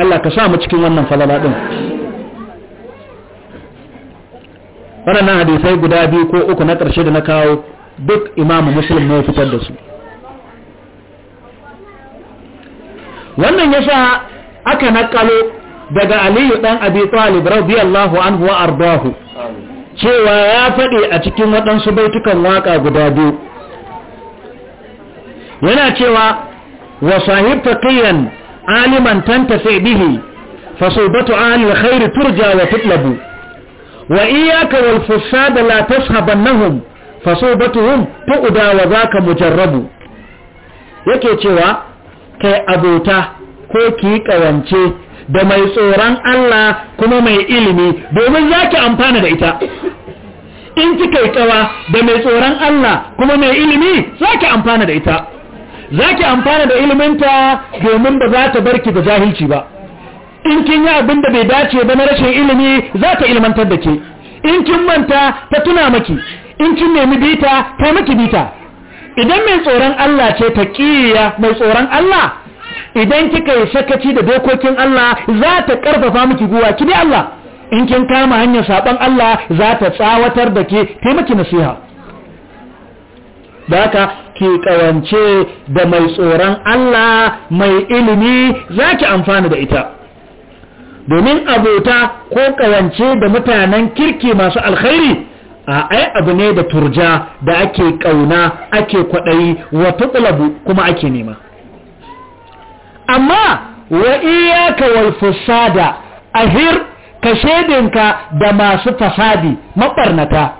الله كسامة كم ونن فلالاتهم waɗannan hadisai guda biyu ko uku na ƙarshe da na kawo duk imamu muslim ne ya fitar da su wannan ya aka nakalo daga aliyu ɗan abi talib radiyallahu anhu wa ardahu cewa ya faɗi a cikin waɗansu baitukan waƙa guda biyu yana cewa wa sahib faqiyan aliman tantafi bihi fasubatu ahli alkhair turja wa tutlabu wa iyyaka wal fusada la tashabannahum fasubatuhum tu'da wa zaka mujarrabu yake cewa kai abota ko ki kawance da mai tsoron Allah kuma mai ilimi domin za ki amfana da ita in kika yi kawa da mai tsoron Allah kuma mai ilimi za ki amfana da ita za ki amfana da iliminta domin ba za ta barki da jahilci ba in kin yi abin da bai dace ba na rashin ilimi za ta ilimantar da ke in kin manta ta tuna maki in kin nemi bita ta maki bita idan mai tsoron Allah ce ta mai tsoron Allah idan kika yi sakaci da dokokin Allah za ta karfafa miki guwa ki bi Allah in kin kama hanyar saban Allah za ta tsawatar da ke taimaki nasiha da haka ki kawance da mai tsoron Allah mai ilimi za ki amfana da ita domin abota ko kawance da mutanen kirki masu alkhairi a ai abu ne da turja da ake kauna ake kwaɗayi wa tuqlabu kuma ake nema amma wa iyaka wal fasada ahir ka shedinka da masu fasadi mabarnata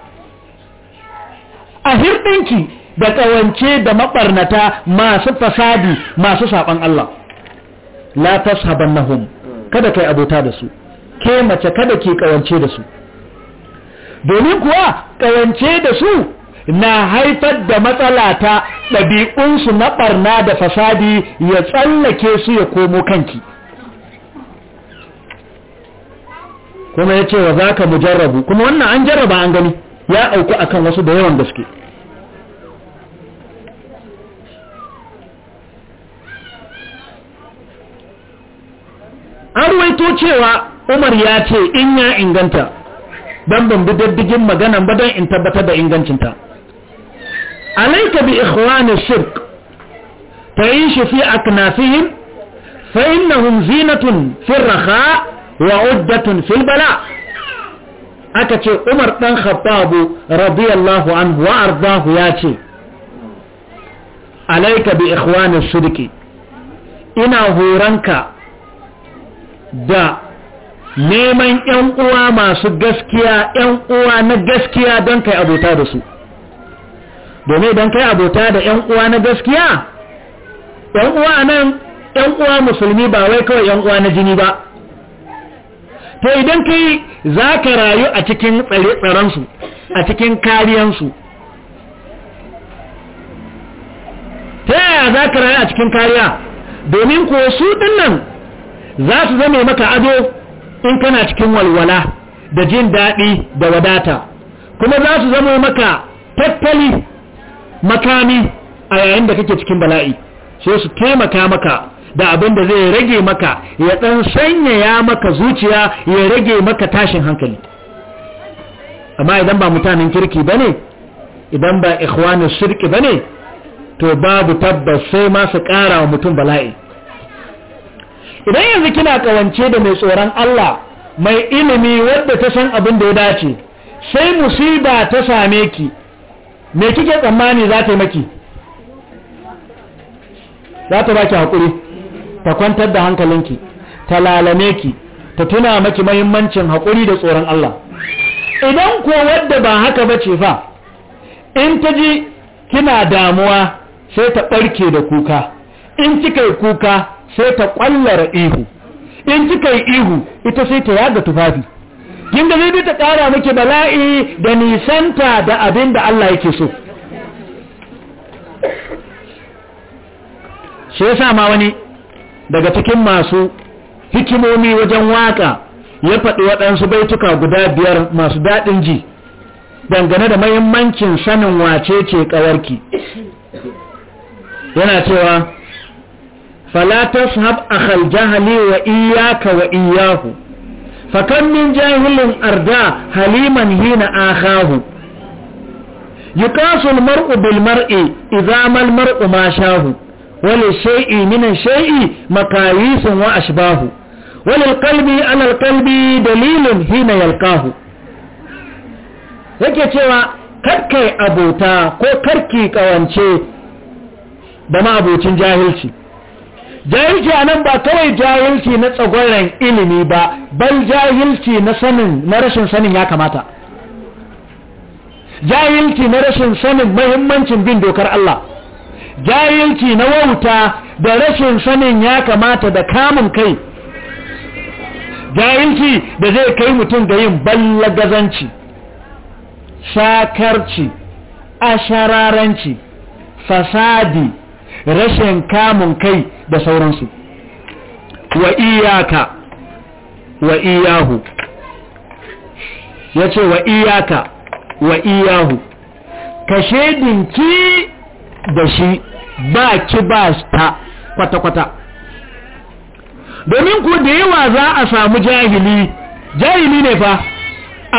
ahir dinki da kawance da mabarnata masu fasadi masu saban Allah la tashabannahum kada kai abota da su ke mace kada ke kawance da su domin kuwa kawance da su na haifar da matsala ta ɗabi'unsu na ɓarna da fasadi ya tsallake su ya komo kanki kuma ya ce wa za ka mujarrabu kuma wannan an jarraba an gani ya auku akan wasu da yawan gaske an ruwaito cewa umar ya ce in ya inganta don ban bi daddigin maganan ba don in tabbatar da ingancinta عليك بإخوان الشرك تعيش في أكنافهم فإنهم زينة في الرخاء وعدة في البلاء أكتش عمر بن خطاب رضي الله عنه وأرضاه ياتي عليك بإخوان الشرك إنا horonka دا neman 'yan uwa masu gaskiya 'yan uwa na gaskiya don kai abota da su domin idan kai abota da yan uwa na gaskiya yan uwa nan yan uwa musulmi ba wai kawai yan uwa na jini ba to idan kai za ka rayu a cikin tsare-tsarensu a cikin kariyansu ta yaya za ka rayu a cikin kariya domin ko su dinnan za su zame maka ado in kana cikin walwala da jin daɗi da wadata kuma za su zama maka tattali makami a yayin da kake cikin bala'i sai su taimaka maka da abin da zai rage maka ya dan sanyaya maka zuciya ya rage maka tashin hankali amma idan ba mutanen kirki ba ne, idan ba ikhwanus shirki ba ne, to babu tabbas sai ma su kara wa mutum bala'i idan yanzu kina kawance da mai tsoron Allah mai ilimi wadda ta san abin da ya dace sai musiba ta same ki me kike tsammani za ta yi maki za ta baki haƙuri ta kwantar da hankalinki ta lalame ki ta tuna maki mahimmancin haƙuri da tsoron Allah idan ko wadda ba haka ba ce fa in ta ji kina damuwa sai ta ɓarke da kuka in kika yi kuka sai ta ƙwallara ihu in kika yi ihu ita sai ta yaga tufafi kin ga zai ta kara miki bala'i da nisanta da abin da Allah yake so shi yasa ma wani daga cikin masu hikimomi wajen waka ya faɗi waɗansu baituka guda biyar masu daɗin ji dangane da mahimmancin sanin wace ce ƙawarki yana cewa falatas hab akhal jahali wa iyaka wa iyahu fakan jahilin arda haliman hina akhahu yukasul mar'u bil mar'i mar'u ma shahu wal shay'i min shay'i makayisun wa ashbahu wal qalbi ala al qalbi dalilun hina yalqahu yake cewa karkai abota ko karki kawance da ma abocin jahilci jahilci a nan ba kawai jahilci na tsagoran ilimi ba bal jahilci na sanin na rashin sanin ya kamata jahilci na rashin sanin mahimmancin bin dokar Allah jahilci na wauta da rashin sanin ya kamata da kamun kai jahilci da zai kai mutum da yin ballagazanci shakarci, ashararanci fasadi rashin kamun kai da sauransu wa iyaka wa iyahu ya ce wa iyaka wa iyahu ka shedinki da shi ba ki ba ta kwata-kwata domin ku da yawa za a samu jahili jahili ne fa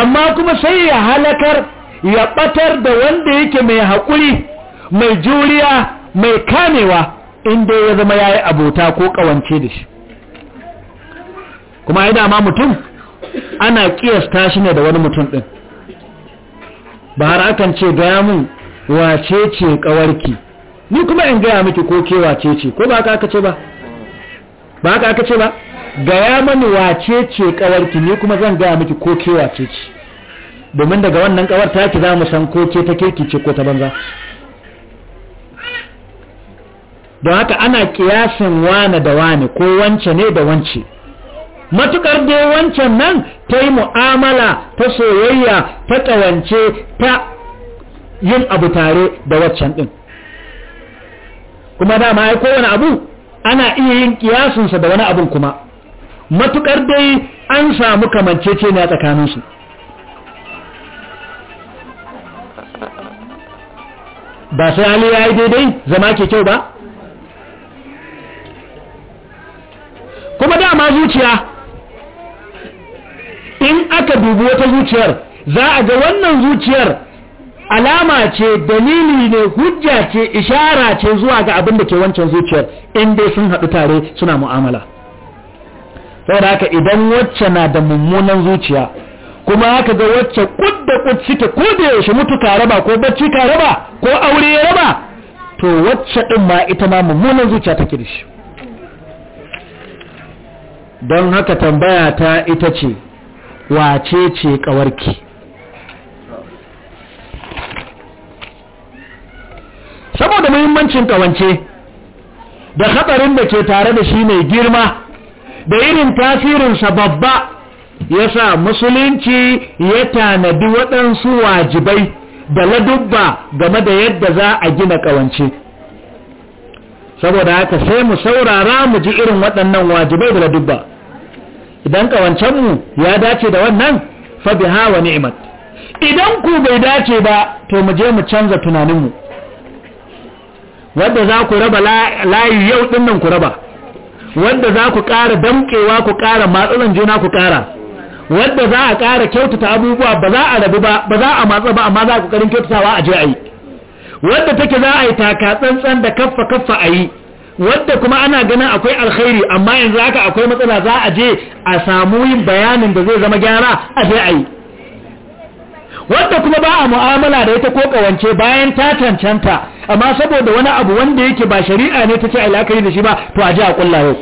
amma kuma sai ya halakar ya batar da wanda yake mai haƙuri mai juriya mai kamewa in dai ya zama yayi abota ko kawance da shi kuma ai dama mutum ana kiyasta shi ne da wani mutum din ba har akan ce gaya mun wace ce kawarki ni kuma in gaya miki ko ke wace ce ko ba haka aka ce ba ba haka aka ce ba gaya mani wace ce kawarki ni kuma zan gaya miki ko ke wace ce domin daga wannan kawar taki za mu san ko ke ta ki ce ko ta banza don haka ana kiyasin wane da wane ko wance ne da wance matukar dai wancan nan ta yi mu'amala ta soyayya ta ƙawance ta yin abu tare da waccan ɗin kuma dama ya kowane abu ana iya yin kiyasinsa da wani abun kuma matukar dai an samu kamancece ne a tsakaninsu ba sai hali ya yi daidai zama ke kyau ba kuma dama zuciya in aka dubi wata zuciyar za a ga wannan zuciyar alama ce dalili ne hujja ce ishara ce zuwa ga abin da ke wancan zuciyar in dai sun haɗu tare suna mu'amala da haka idan wacce na da mummunan zuciya kuma haka ga wacce kudda kudda suke ko da yaushe mutu ka raba ko bacci ka raba ko aure ya raba to wacce din ma ita ma mummunan zuciya take da shi don haka tambaya ta ita ce wace ce kawarki saboda muhimmancin kawance da hatsarin da ke tare da shi mai girma da irin tasirinsa babba ya sa musulunci ya tanadi waɗansu wajibai da ladubba game da yadda za a gina kawance saboda haka sai mu saurara mu ji irin waɗannan wajibai da ladubba idan ƙawancenmu ya dace da wannan fa biha wa ni'mat idan ku bai dace ba to mu je mu canza tunaninmu wanda za ku raba layi yau din nan ku raba wanda za ku ƙara damƙewa ku ƙara matsalan juna ku ƙara wanda za a ƙara kyautata abubuwa ba za a rabu ba ba za a matsa ba amma za ku ƙarin kyautatawa a je a yi wadda take za a yi taka tsantsan da kaffa kaffa a yi wadda kuma ana ganin akwai alkhairi amma yanzu haka akwai matsala za a je a samu yin bayanin da zai zama gyara a je a yi wadda kuma ba a mu'amala da ita ko kawance bayan ta cancanta amma saboda wani abu wanda yake ba shari'a ne ta ce da shi ba to a je a kulla yau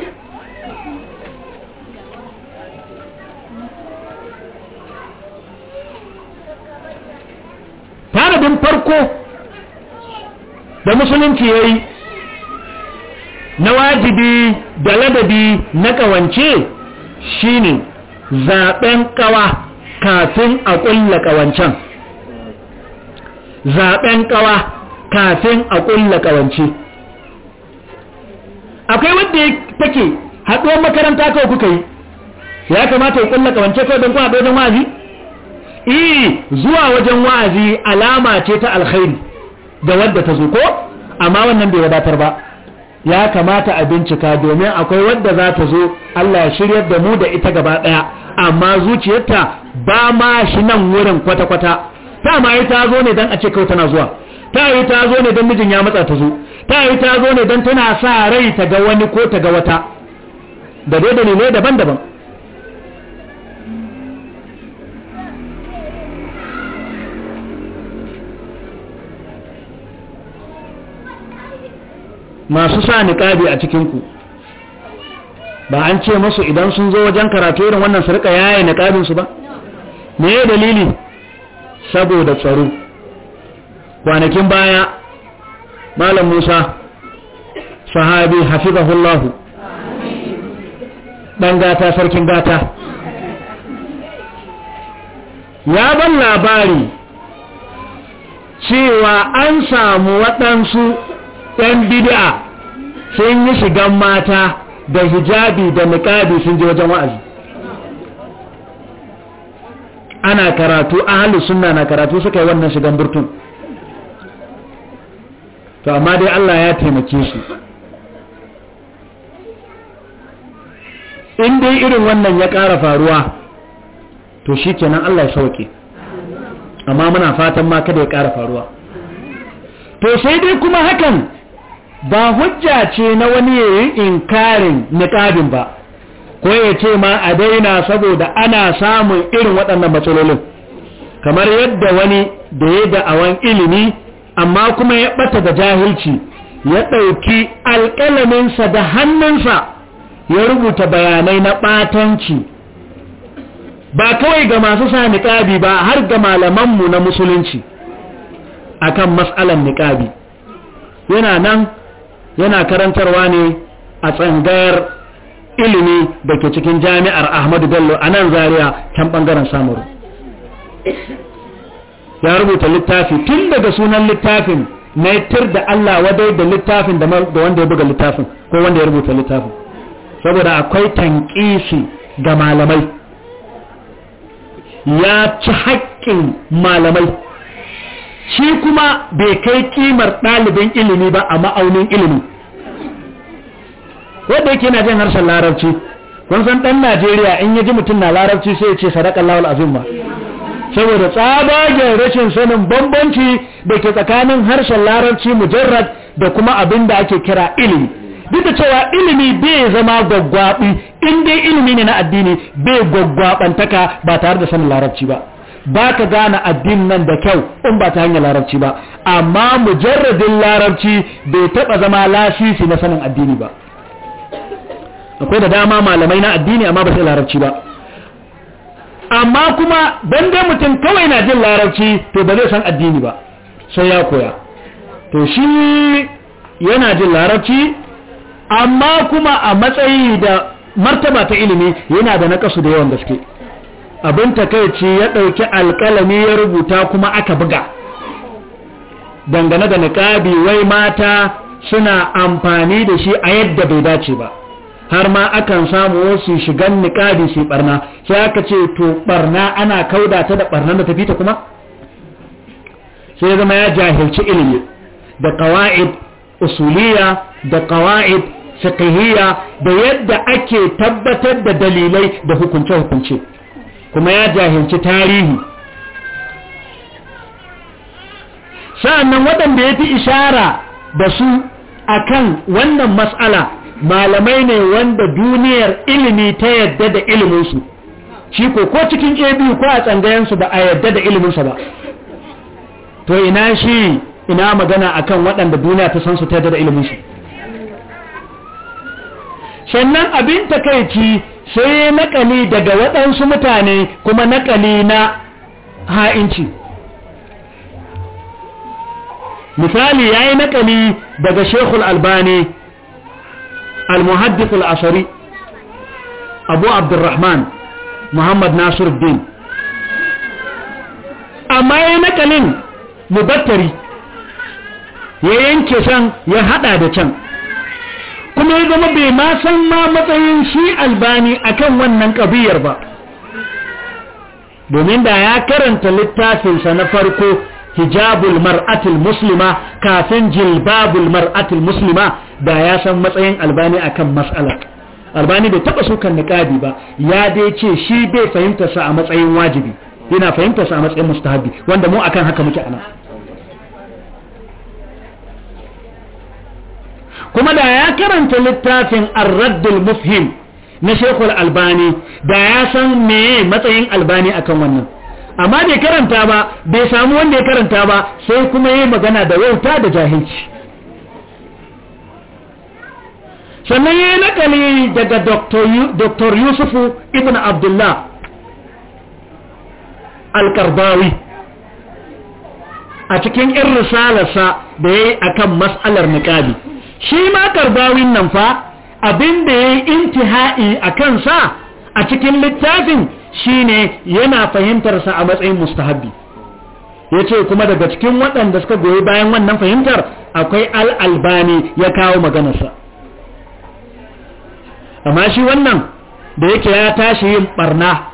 tanadin farko da musulunci ya yi na wajibi da ladabi na ƙawance ne zaɓen ƙawa kafin a ƙulla ƙawancen zaɓen ƙawa kafin a ƙulla ƙawance akwai wadda ya take haɗuwar makaranta ko kuka yi ya kamata ya ƙulla ƙawance kawai don kuma wajen wazi? iya eh, zuwa wajen wazi alama ce ta alkhairi da wadda ta zo ko amma wannan bai wadatar ba ya kamata a bincika domin akwai wadda za ta zo Allah ya shiryar da mu da ita gaba daya amma zuciyarta ba ma shi nan wurin kwata-kwata ta ma yi ta zo ne don a ce kawai tana zuwa ta yi ta zo ne don mijin ya matsa ta zo ta yi ta zo ne don tana sa rai ta ga wani ko ta ga wata da dai dalilai daban-daban masu sa niqabi a cikin ku ba an ce musu idan sun zo wajen karatu irin wannan su rika yaye niqabin su ba me ya dalili saboda tsaro kwanakin baya malam Musa sahabi hafizahullahu dan gata sarkin gata ya ban labari cewa an samu waɗansu 'yan bid'a sun yi shigan mata da hijabi da niqabi sun je wajen wa'azi ana karatu ahalus sunna na karatu suka yi wannan shigan burtun to amma dai Allah ya taimake su in dai irin wannan ya ƙara faruwa to shi kenan Allah ya sauke amma muna fatan ma kada ya ƙara faruwa to sai dai kuma hakan ba hujja ce na wani yayin inkarin niƙabin ba ko ya ce ma a daina saboda ana samun irin waɗannan matsalolin kamar yadda wani da ya awan ilimi amma kuma ya ɓata da jahilci ya ɗauki alƙalaminsa da hannunsa ya rubuta bayanai na ɓatanci ba kawai ga masu sa niƙabi ba har ga malamanmu na musulunci akan matsalan niƙabi yana nan yana karantarwa ne a tsangayar ilimi da ke cikin jami'ar ahmadu bello a nan Zariya kan bangaren samaru ya rubuta littafi tun daga sunan littafin na tir da allah wadai da littafin da wanda ya buga littafin ko wanda ya rubuta littafin saboda akwai tankisi ga malamai ya ci haƙƙin malamai shi kuma bai kai kimar ɗalibin ilimi ba a ma'aunin ilimi wanda yake na jin harshen larabci kun san ɗan najeriya in ya ji mutum na larabci sai ya ce sadakar lawal azim ba saboda tsabagen rashin sanin bambanci da ke tsakanin harshen larabci mujarrad da kuma abin da ake kira ilimi duk da cewa ilimi bai zama gwaggwabi in dai ilimi ne na addini bai gwaggwabantaka ba tare da sanin larabci ba ba ka gane addinin nan da kyau in ba ta hanyar larabci ba amma mujarradin larabci bai taɓa zama lasisi na sanin addini ba akwai da dama malamai na addini amma ba sai larabci ba amma kuma dan mutum kawai na jin larabci to ba zai san addini ba sai ya koya to shi yana jin larabci amma kuma a matsayi da martaba ta ilimi yana da naƙasu da yawan gaske abin takaici ya ɗauki alƙalami ya rubuta kuma aka buga dangane da niƙabi wai mata suna amfani da shi a yadda bai dace ba har ma akan samu wasu shigan niƙabi su barna sai aka ce to barna ana kauda ta da barna da tafi ta kuma sai zama ya jahilci ilimi da ƙawa'id usuliya da ƙawa'id sakahiyya da yadda ake tabbatar da dalilai da hukunce-hukunce kuma ya jahilci tarihi sa'annan waɗanda ya fi ishara da su akan wannan matsala malamai ne wanda duniyar ilimi ta yadda da iliminsu shi ko ko cikin ab ko a tsangayensu ba a yadda da iliminsa ba to ina shi ina magana akan waɗanda duniya ta san su ta yadda da iliminsu sannan abin takaici sai ya nakali daga waɗansu mutane kuma nakali na ha'inci misali ya yi nakali daga shekul albani al-muhaddith al abu abdurrahman muhammad nasiruddin amma ya nakalin mubattari ya yanke can ya hada da can kuma ya zama bai ma san ma matsayin shi albani akan wannan kabiyar ba domin da ya karanta littafinsa na farko hijabul mar'atul muslima kafin jilbabul mar'atul muslima da ya san matsayin albani akan mas'ala albani bai taba sukan niqabi ba ya dai ce shi bai fahimtarsa a matsayin wajibi yana fahimtarsa a matsayin mustahabi wanda mu akan haka muke anan kuma da ya karanta littafin arraddul mufhim na shekul albani da ya san meye matsayin albani akan wannan amma bai karanta ba bai samu wanda ya karanta ba sai kuma yi magana da wauta da jahilci sannan ya yi nakali daga dr yusufu ibn abdullah alkarbawi a cikin irin risalarsa da ya yi a kan matsalar niƙabi shi ma karbawin nan fa abin da ya yi intihai a kansa a cikin littafin shi ne yana fahimtarsa a matsayin mustahabi ya ce kuma daga cikin waɗanda suka goyi bayan wannan fahimtar akwai al'albani ya kawo maganarsa amma shi wannan da yake ya tashi yin barna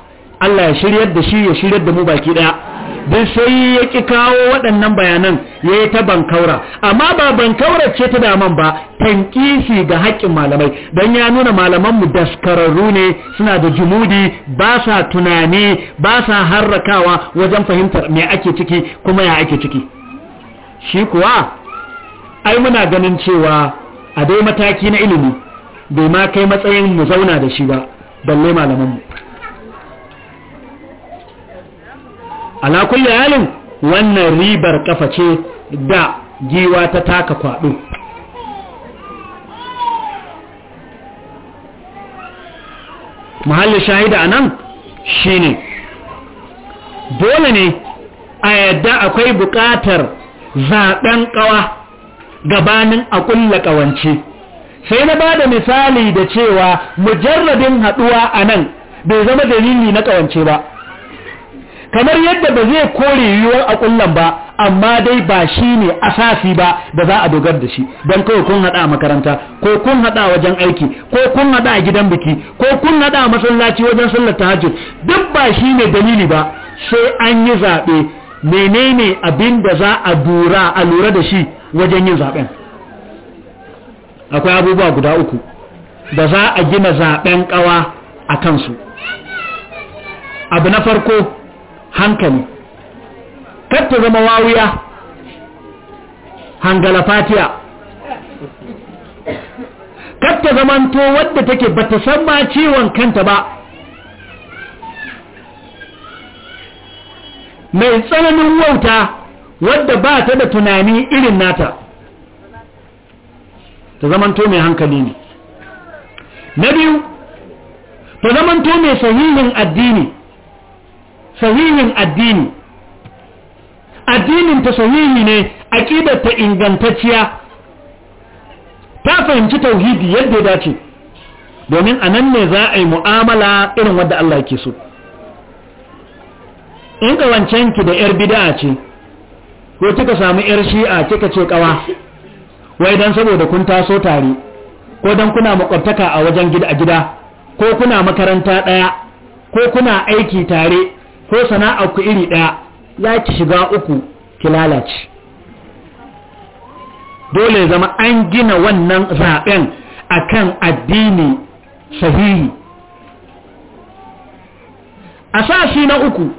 Allah ya shiryar da shi ya shiryar da mu baki ɗaya duk sai ya ƙi kawo waɗannan bayanan ya yi ta bankaura amma ba bankaura ce ta daman ba tankisi ga haƙƙin malamai don ya nuna malamanmu daskararru ne suna da jumudi ba sa tunani ba sa harrakawa wajen fahimtar me ake ciki kuma ya ake ciki shi kuwa ai muna ganin cewa a dai mataki na ilimi bai ma kai matsayin mu zauna da shi ba balle malamanmu ala kulli halin wannan ribar kafa ce da giwa ta taka kwado mahallin shahida a nan shi ne dole ne a yadda akwai buƙatar zaɓen ƙawa gabanin a ƙulla ƙawance sai na bada misali da cewa mujarradin haɗuwa a nan bai zama dalili na ƙawance ba kamar yadda ba zai kore yiwuwar a kullum ba amma dai ba shi ne asasi ba da za a dogar da shi don kawai kun haɗa a makaranta ko kun haɗa wajen aiki ko kun haɗa a gidan biki ko kun haɗa a masallaci wajen sallar tahajjud duk ba shi ne dalili ba sai an yi zaɓe menene abin da za a dura a lura da shi wajen yin zaɓen akwai abubuwa guda uku da za a gina zaɓen ƙawa a kansu abu na farko hankali kar ta zama wawuya hangala fatiya kar ta zamanto wadda take bata san ma ciwon kanta ba mai tsananin wauta wadda ba ta da tunani irin nata ta zamanto mai hankali ne na biyu ta zamanto mai sahihin addini sahihin addini addinin ta sahihi ne aqidar ta ingantacciya ta fahimci tauhidi yadda ya dace domin a nan ne za a yi mu'amala irin wadda Allah ke so in wancan ki da 'yar bid'a ce ko kika samu 'yar shi'a kika ce ƙawa wai dan saboda kun taso tare ko don kuna makwabtaka a wajen gida a gida ko kuna makaranta ɗaya ko kuna aiki tare ko sana'a ku iri ɗaya ya ki shiga uku ki lalace dole zama an gina wannan zaɓen akan addini sahihi asasi na uku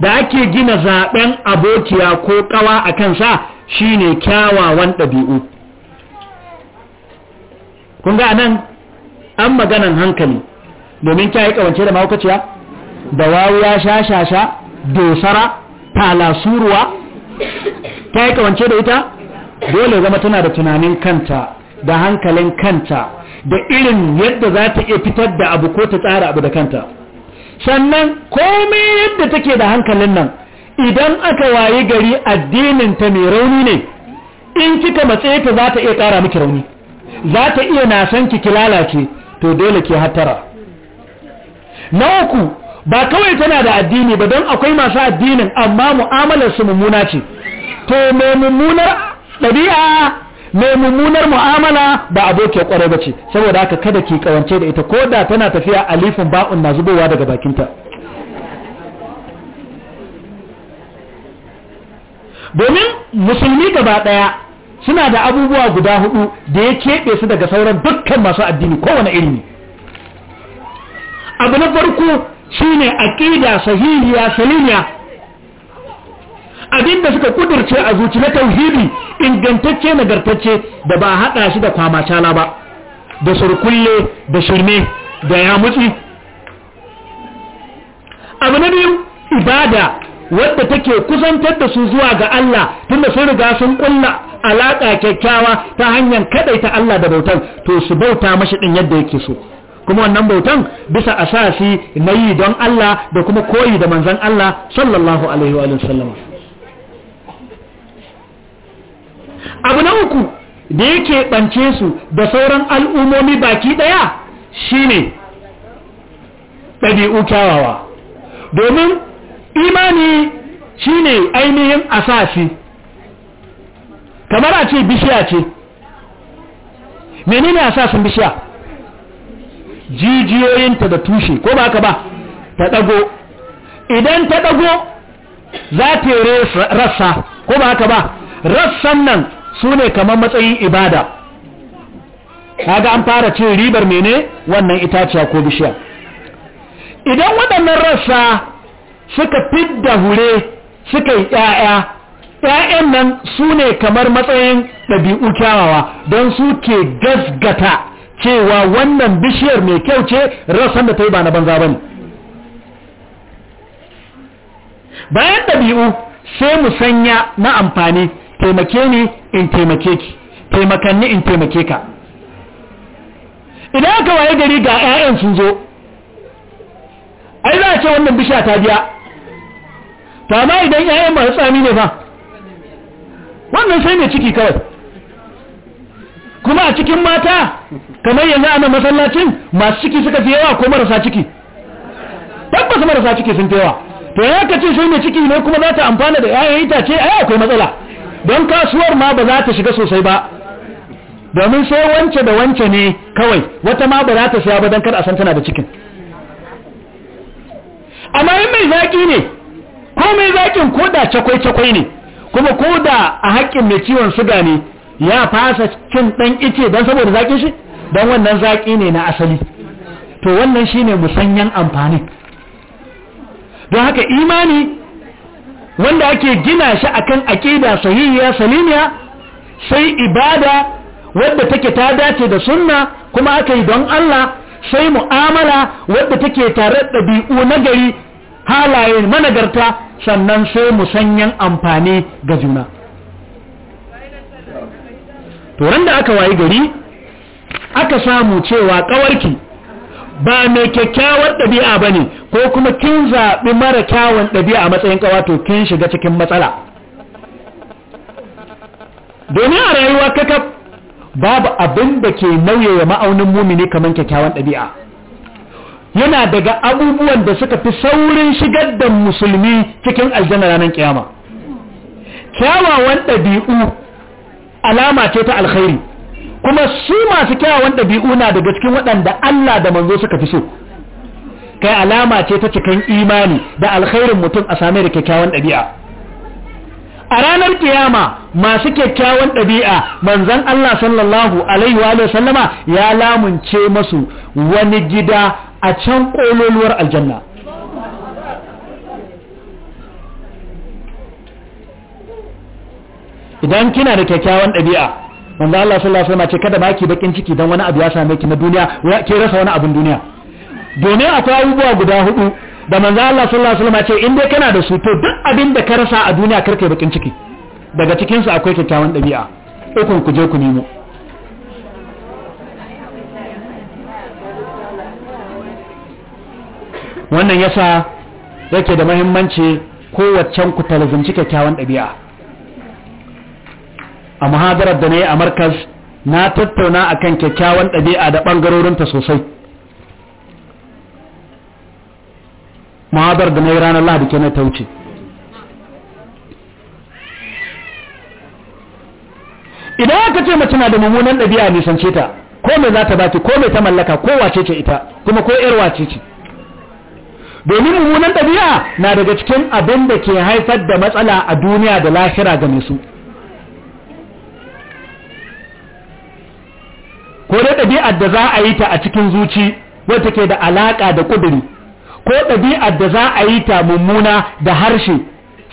da ake gina zaɓen abokiya ko ƙawa a kansa shine kyawawan ɗabi'u kun ga nan an maganan hankali domin kya yi ƙawance da mahaukaciya da sha shashasha dosara talasuruwa ta yi kawance da ita dole zama tana da tunanin kanta da hankalin kanta da irin yadda za ta iya fitar da abu ko ta tsara abu da kanta sannan komai yadda take da hankalin nan idan aka wayi gari addinin ta mai rauni ne in kika matse ta za ta iya ƙara miki rauni za ta iya nasan ki lalace to dole ke hatara na uku ba kawai tana da addini ba don akwai masu addinin amma mu'amalar su mummuna ce to mai mummunar ɗabi'a mai mummunar mu'amala ba abokiyar kwarai ba ce saboda haka kada ke kawance da ita ko da tana tafiya alifin ba'un na zubowa daga bakinta domin musulmi gaba ɗaya suna da abubuwa guda hudu da ya keɓe su daga sauran dukkan masu addini kowane ilimi abu na farko shine aqida sahihiya salimiya abinda suka kudurce a zuci na tauhidi ingantacce nagartacce da ba haɗa shi da kwamacala ba da surkulle da shirme da yamutsi abu na biyu ibada wadda take kusantar da su zuwa ga Allah tunda sun riga sun kulla alaka kyakkyawa ta hanyar kadaita Allah da bautar to su bauta mashi din yadda yake so kuma wannan bautan bisa asasi na yi don Allah da kuma koyi da manzan Allah sallallahu alaihi wa sallama abu na uku da yake ɓance su da sauran al'ummomi baki ɗaya shine ɗabi'u kyawawa domin imani shine ainihin asasi kamar a ce bishiya ce menene asasin bishiya jijiyoyinta da tushe ko ba ka ba ta ɗago idan ta ɗago za ta yi rassa ko ba ka ba rassan nan su ne kamar matsayin ibada kaga an fara ce ribar mene wannan itaciya ko bishiya idan waɗannan rassa suka fidda hure suka yi ƴaƴa ƴaƴan nan su ne kamar matsayin ɗabi'u kyawawa don su ke gasgata cewa wannan bishiyar mai kyau ce rasan da ta yi ba na banza ba ne bayan ɗabi'u sai mu sanya na amfani taimake ni in taimake ki taimakanni in taimake ka idan aka waye gari ga 'ya'yan sun zo ai za a ce wannan bishiya ta biya ta ma idan 'ya'yan masu tsami ne ba, wannan sai ne ciki kawai kuma a cikin mata kamar yanzu a nan masallacin masu ciki suka fi yawa ko marasa ciki tabbas marasa ciki sun fi yawa to ya ka ce shi mai ciki ne kuma za ta amfana da yayan itace ai akwai matsala don kasuwar ma ba za ta shiga sosai ba domin sai wance da wance ne kawai wata ma ba za ta saya ba don kar a san tana da cikin amma in mai zaƙi ne ko mai zaƙin ko da cakwai-cakwai ne kuma ko da a haƙƙin mai ciwon suga ne ya fasa cin ɗan ice don saboda zaƙin shi don wannan zaƙi ne na asali to wannan shi shine musanyen amfani don haka imani wanda ake gina shi akan aƙida sahihiyar saliniya sai ibada wadda take ta dace da sunna kuma aka yi don Allah sai mu'amala wadda take tare da ɗabi'u na gari halaye managarta sannan sai musanyan amfani ga juna to da aka wayi gari aka samu cewa kawarki ba mai kyakkyawar ɗabi'a ba ne ko kuma kin zaɓi mara kyawun ɗabi'a a matsayin kawa to kin shiga cikin matsala domin a rayuwa kakaf babu abin da ke nauye wa ma'aunin mumini kamar kyakkyawan ɗabi'a yana daga abubuwan da suka fi saurin shigar da musulmi cikin aljanna ranar kiyama kyawawan ɗabi'u alama ce ta alkhairi kuma su masu kyawawan ɗabi'u na daga cikin waɗanda Allah da manzo suka fi so kai alama ce ta cikin imani da alkhairin mutum a same da kyakkyawan ɗabi'a a ranar kiyama masu kyakkyawan ɗabi'a manzan Allah sallallahu alaihi wa sallama ya lamunce masu wani gida a can ƙololuwar aljanna idan kina da kyakkyawan ɗabi'a manzo Allah sallallahu alaihi wasallam ce kada baki bakin ciki dan wani abu ya same ki na duniya ke rasa wani abun duniya domin akwai abubuwa guda hudu da manzo Allah sallallahu alaihi wasallam ce in dai kana da su to duk abin da ka rasa a duniya karka yi bakin ciki daga cikin su akwai kyakkyawan dabi'a ukun ku je ku nemo wannan yasa yake da muhimmanci kowaccen ku talazumci kyakkyawan dabi'a a muhadarar da na yi a markaz na tattauna a kan kyakkyawan ɗabi'a da ɓangarorinta sosai muhadarar da na yi ranar lahadi ke ta wuce idan aka ce mace na da mummunan ɗabi'a nisance ta ko mai za ta baki ko mai ta mallaka ko wace ce ita kuma ko ƴar wace ce domin mummunan ɗabi'a na daga cikin abin da ke haifar da matsala a duniya da lahira ga mai su ɗabi'ar da za a yi ta a cikin zuci wata ke da alaƙa da ƙuduri ko ɗabi'ar da za a yi ta mummuna da harshe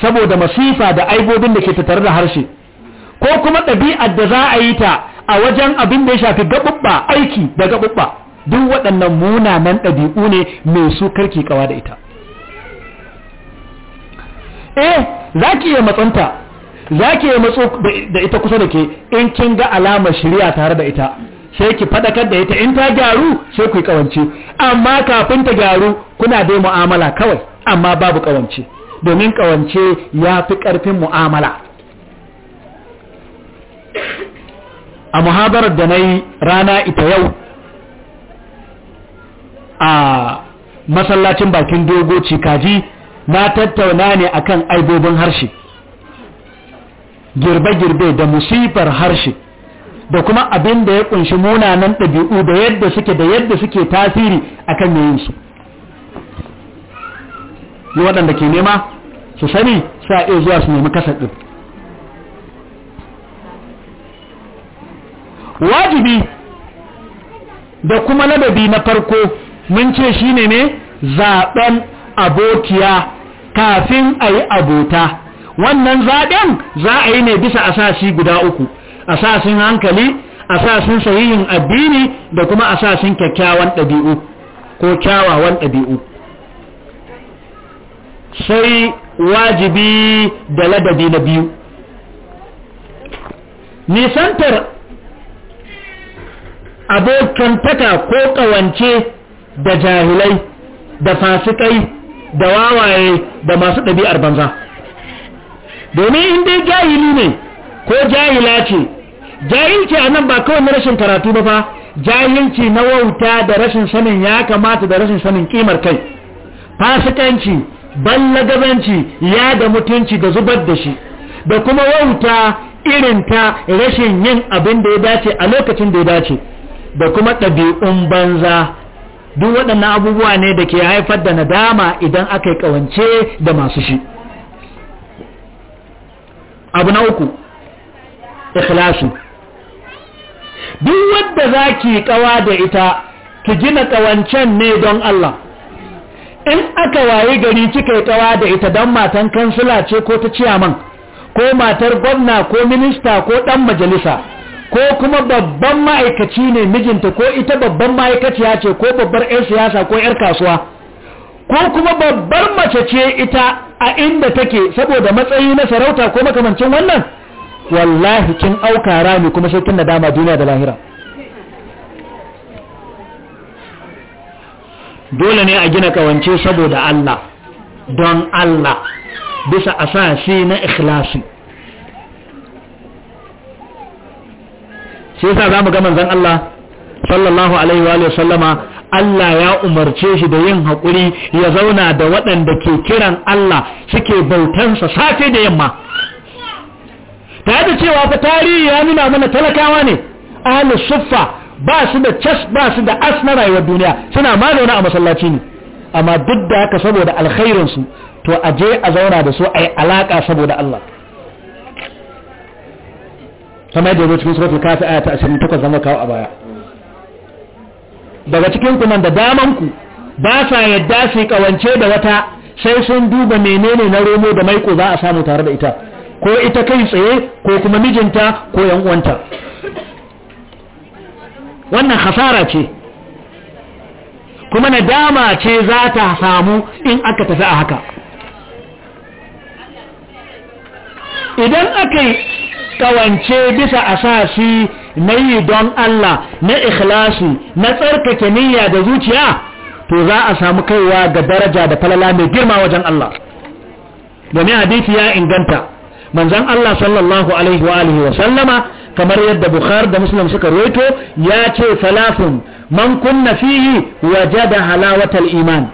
saboda masifa da aibobin da ke tattare da harshe ko kuma ɗabi'ar da za a yi ta a wajen abin da ya shafi gaɓuɓɓa aiki da gaɓuɓɓa duk waɗannan munanan ɗabi'u ne mai su karki kawa da ita eh za ki iya matsanta za ki iya matso da ita kusa da ke in kin ga alamar shirya tare da ita sai ki fadakar da ita in ta gyaru sai ku yi kawance amma kafin ta gyaru kuna dai mu'amala kawai amma babu ƙawance domin ƙawance ya fi ƙarfin mu'amala a muhabarar da na yi rana ita yau a masallacin bakin dogo cikaji na tattauna ne akan aibobin harshe girbe-girbe da musifar harshe da kuma abin da ya kunshi munanan ɗabi'u da yadda suke da yadda suke tasiri akan yayin su ni waɗanda ke nema su sani sa iya zuwa su nemi kasar ɗin wajibi da kuma ladabi na farko mun ce shi ne ne zaɓen abokiya kafin a yi abota wannan zaɓen za a yi ne bisa a sa shi guda uku asasin hankali asasin sahihin addini da kuma asasin kyakkyawan ɗabi'u ko kyawawan ɗabi'u sai wajibi da ladabi na biyu nisantar abokantaka ko ƙawance da jahilai da fasikai da wawaye da masu ɗabi'ar banza domin inda jahili ne ko jahila ce jahilci a nan ba kawai na rashin karatu ba fa jahilci na wauta da rashin sanin ya kamata da rashin sanin kimar kai fasikanci ballagabanci ya da mutunci da zubar da shi da kuma wauta irin ta rashin yin abin da ya dace a lokacin da ya dace da kuma ɗabi'un banza duk waɗannan abubuwa ne da ke haifar da nadama idan aka yi ƙawance da masu shi abu na uku ikhlasu duk wadda za ki kawa da ita ki gina kawancen ne don Allah in aka waye gari kika yi kawa da ita don matan kansila ce ko ta ciyaman ko matar gwamna ko minista ko dan majalisa ko kuma babban ma'aikaci ne mijinta ko ita babban ma'aikaciya ce ko babbar 'yan siyasa ko 'yar kasuwa ko kuma babbar mace ce ita a inda take saboda matsayi na sarauta ko makamancin wannan wallahi kin auka rami kuma sai kin nadama duniya da lahira dole ne a gina kawance saboda Allah don Allah bisa asasi na ikhlasi sai sa zamu ga manzon Allah sallallahu alaihi wa sallama Allah ya umarce shi da yin haƙuri ya zauna da waɗanda ke kiran Allah suke bautansa safe da yamma ta da cewa fa tarihi ya nuna mana talakawa ne ahlus suffa ba su da cas ba su da as na rayuwar duniya suna ma a masallaci ne amma duk da haka saboda alkhairin su to a je a zauna da su a yi alaka saboda Allah kamar yadda zo cikin surafi kafi aya ta 28 zama kawo a baya daga cikin ku nan da daman ku ba sa yadda su kawance da wata sai sun duba menene na romo da maiko za a samu tare da ita ko ita kai tsaye ko kuma mijinta ko yan uwanta wannan hasara ce kuma nadama ce za ta samu in aka tafi a haka idan aka yi kawance bisa asasi na yi don Allah na ikhlasi na tsarkake niyya da zuciya to za a samu kaiwa ga daraja da falala mai girma wajen Allah domin hadisi ya inganta manzon Allah sallallahu alaihi wa alihi wa sallama kamar yadda bukhari da muslim suka roito ya ce falafin man kunna fihi wajada halawatal iman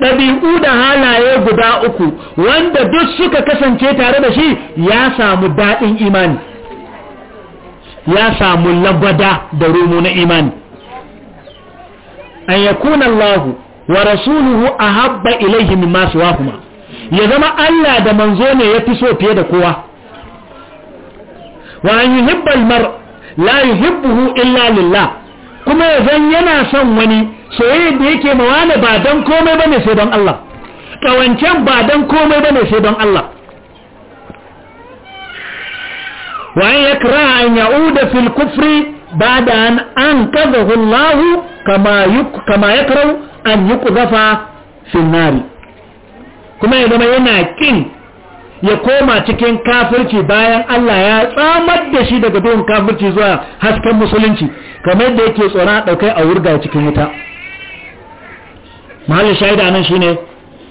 ɗabi'u da halaye guda uku wanda duk suka kasance tare da shi ya samu daɗin imani ya samu labada da rumu na imani an yakuna Allah wa rasuluhu ahabba ilaihi mimma siwahuma ya zama Allah da manzo ne ya fi so fiye da kowa wa an yuhibbal mar la yuhibbuhu illa lillah kuma ya zan yana son wani soyayya da yake mawana ba dan komai bane sai don Allah ƙawancen ba dan komai bane sai don Allah wa an kira an da fil kufri ba'da an anqadhahu Allah kama yuk kama yakrahu an ku zafa finari. kuma ya zama yana kin ya koma cikin kafirci bayan Allah ya tsamar da shi daga duhun kafirci zuwa hasken musulunci kamar da yake tsoron ɗaukai a wurga cikin wuta mahallin shaida nan shine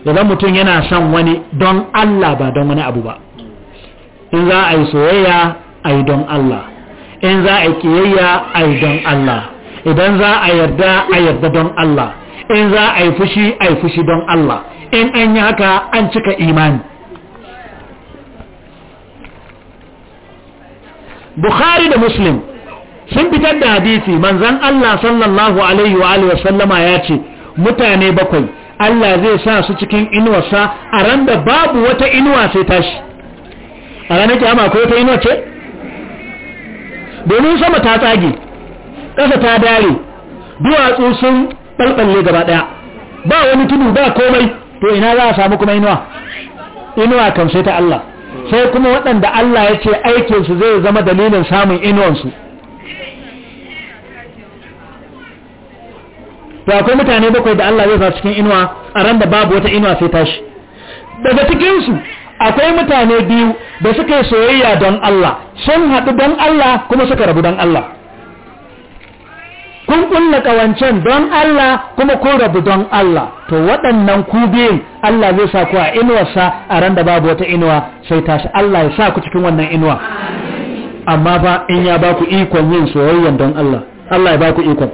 idan mutum yana son wani don Allah ba don wani abu ba in za a yi soyayya a yi don Allah in za a yi kiyayya a yi don Allah idan za a yarda a yarda don Allah in za a yi fushi a yi fushi don Allah in an yi haka an cika imani bukhari da muslim sun fitar da hadisi manzan allah sallallahu alaihi wa alihi wasallama ya ce mutane bakwai allah zai sa su cikin inuwarsa a ran da babu wata inuwa sai tashi a ranar kyama akwai wata inuwa ce domin sama ta tsage ƙasa ta dare duwatsu sun ɓalɓalle gaba ɗaya ba wani tudu ba komai to ina za a samu kuma inuwa inuwa kan sai ta Allah sai kuma waɗanda Allah ya ce aikinsu zai zama dalilin samun inuwansu to akwai mutane bakwai da Allah zai sa cikin inuwa a ran da babu wata inuwa sai tashi daga cikinsu akwai mutane biyu da suka yi soyayya don Allah sun haɗu don Allah kuma suka rabu don Allah kun ka wancan don Allah kuma kun rabu don Allah to waɗannan ku biyun Allah zai sa ku a inuwarsa a ran da babu wata inuwa sai tashi Allah ya sa ku cikin wannan inuwa amma ba in ya ba ku ikon yin soyayyen don Allah Allah ya ba ku ikon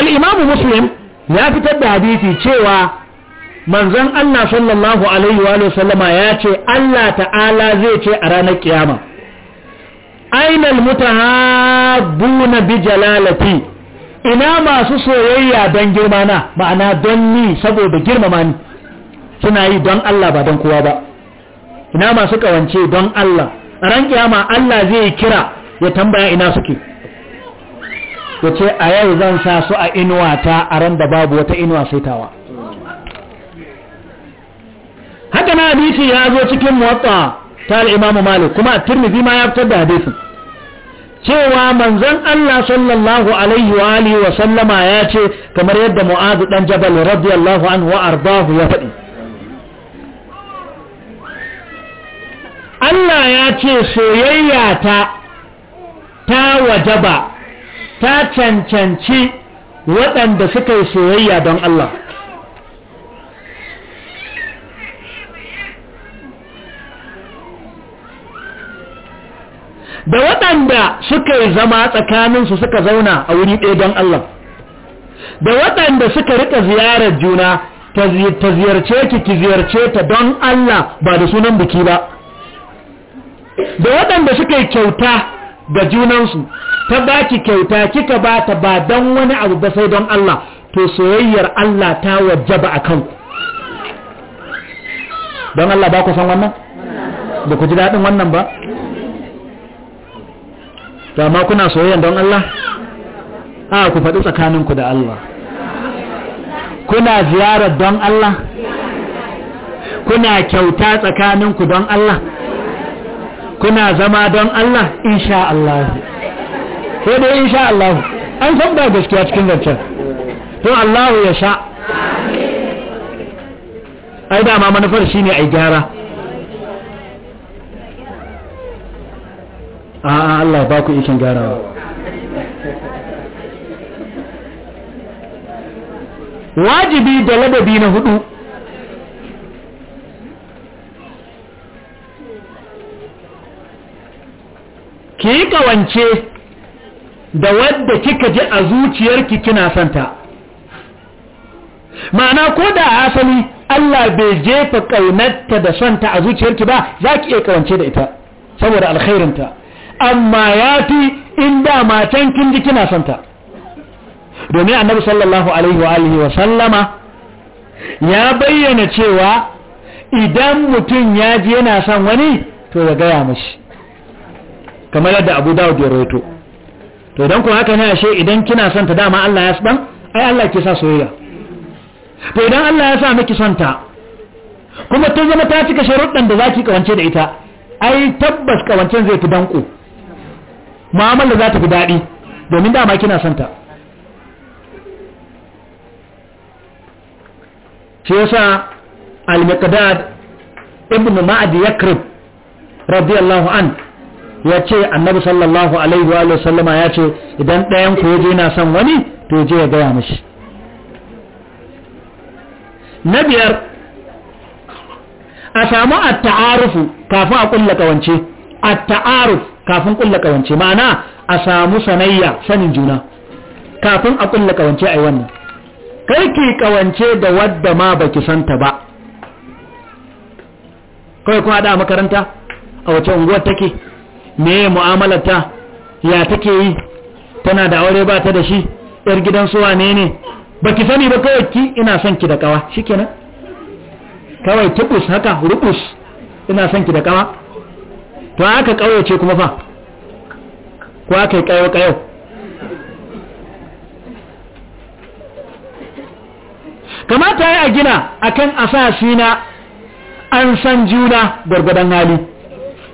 al-imamu muslim ya fitar da hadisi cewa manzon Allah sallallahu alaihi wa sallama ya ce Allah ta'ala zai ce a ranar kiyama ainal mutahabbuna bi jalalati ina masu soyayya don girma na ma'ana don ni saboda girmama ni suna yi don Allah ba don kowa ba ina masu kawance don Allah ran kiyama Allah zai kira ya tambaya ina suke ya ce a yau zan sa su a inuwa ta a ran da babu wata inuwa saitawa haka na hadisi ya zo cikin motsa ta imamu malik kuma a tirmidhi ma ya fitar da hadisin cewa manzon Allah sallallahu alaihi wa alihi wa sallama ya ce kamar yadda Mu'adh dan Jabal radiyallahu anhu wa ardahu ya faɗi Allah ya ce soyayya ta ta wajaba ta cancanci waɗanda suka yi soyayya don Allah da waɗanda suka yi zama tsakaninsu suka zauna a wuri ɗaya don Allah da waɗanda suka rika ziyarar juna ta ziyarce ki ki ziyarce ta don Allah ba da sunan biki ba da waɗanda suka yi kyauta ga junansu ta ba ki kyauta kika ba ta ba don wani abu ba sai don Allah to soyayyar Allah ta wajaba a kanku don Allah ba ku san wannan ba ku ji daɗin wannan ba to kuna soyayya don Allah a ku faɗi tsakaninku da Allah kuna ziyarar don Allah kuna kyauta tsakaninku don Allah kuna zama don Allah insha Allah sai dai insha Allah an san ba gaskiya cikin zancen to Allah ya sha ai dama manufar shine ai gyara a Allah ba ku ikin garawa wajibi da ladabi na hudu ki yi kawance da wadda kika ji a zuciyarki kina santa ma'ana ko da asali Allah bai jefa kaunarta da santa a zuciyarki ba za ki iya kawance da ita saboda alkhairinta amma ya fi in da matan kin ji kina santa domin annabi sallallahu alaihi wa alihi wa sallama ya bayyana cewa idan mutum ya ji yana son wani to ya gaya mashi kamar yadda abu dawud ya rawaito to idan kuma haka ne ashe idan kina santa dama Allah ya san ai Allah ke sa soyayya to idan Allah ya sa miki santa kuma ta zama ta cika sharuɗan da zaki kawance da ita ai tabbas kawancen zai fi danko mu'amala za ta fi daɗi domin dama kina son ta shi yasa al muqaddad ibnu ma'ad yakrib radiyallahu an ya ce annabi sallallahu alaihi wa sallama ya ce idan ɗayan ku yaje yana son wani to je ya gaya mishi na biyar a samu a taarufu kafin a kulla kawance atta'aruf. ta'arufu kafin kulla kawance ma'ana a samu sanayya sanin juna kafin a kulla kawance yi wannan ki kawance da wadda ma baki santa ba kawai kuma da makaranta a wace unguwar take me mu'amalarta ya take yi tana da aure ba ta da shi yar gidan suwa ne ne baki sani ba kawai ki ina son ki da kawa shikenan kawai tubus haka rubus ina son ki da kawa to aka ce kuma fa ko aka yi kayo Kamata kamata ya gina akan asasi na an san juna gargadan hali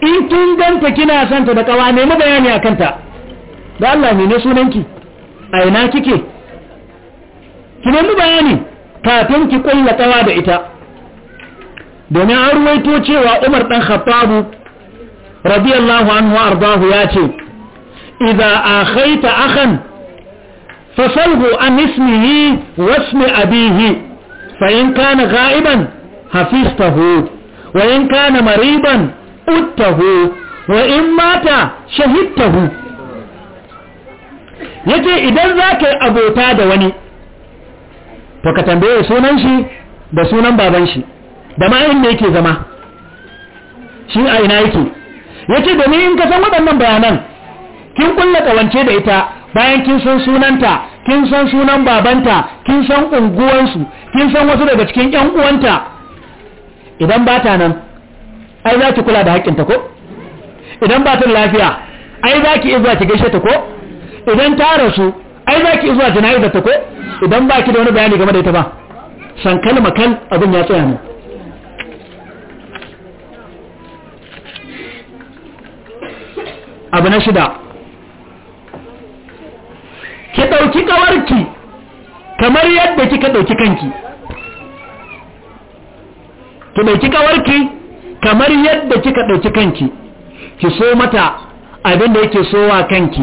in kin ganta kina santa da kawa nemi bayani a kanta da Allah ne sunanki a ina kike ki nemi bayani kafin ki kulla kawa da ita domin an ruwaito cewa Umar dan Khattab radiyallahu anhu ardahu ya ce idza akhaita akhan fasalhu an ismihi wa ismi abihi fa in kana ghaiban hafistahu wa in kana mariban uttahu wa in mata shahidtahu yace idan zaka abota da wani to ka tambaye sunan shi da sunan baban shi da ma inda yake zama shi a ina yake ya ce domin in ka san waɗannan bayanan kin kulle ƙawance da ita bayan kin san sunanta kin san sunan babanta kin san unguwansu kin san wasu daga cikin ƴan uwanta idan ba ta nan ai za ki kula da haƙƙinta ko idan ba ta lafiya ai za ki izuwa ki gaishe ta ko idan ta rasu ai za ki izuwa jana'izar ta ko idan ba ki da wani bayani game da ita ba san kalma kan abin ya tsaya ne abu na shida ki ɗauki ƙawarki kamar yadda kika ɗauki kanki ki ɗauki ƙawarki kamar yadda kika ɗauki kanki ki so mata abin da yake sowa kanki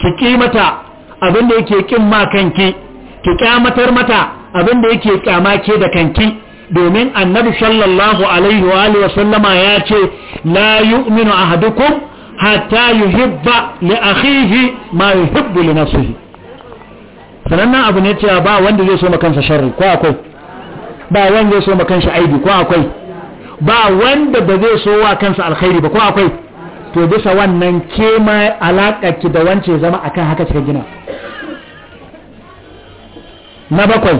ki ƙi mata abin da yake ƙin ma kanki ki ƙyamatar mata abin da yake ƙyama ke da kanki domin annabi sallallahu alaihi wa sallama ya ce la yu'minu ahadukum hatta yuhibba li akhihi ma yuhibbu li nafsihi sanannan abu ne cewa ba wanda zai so ma kansa sharri ko akwai ba wanda zai so ma kansa aibi ko akwai ba wanda ba zai so wa kansa alkhairi ba ko akwai to bisa wannan ke ma alaƙa ki da wance zama akan haka kika gina na bakwai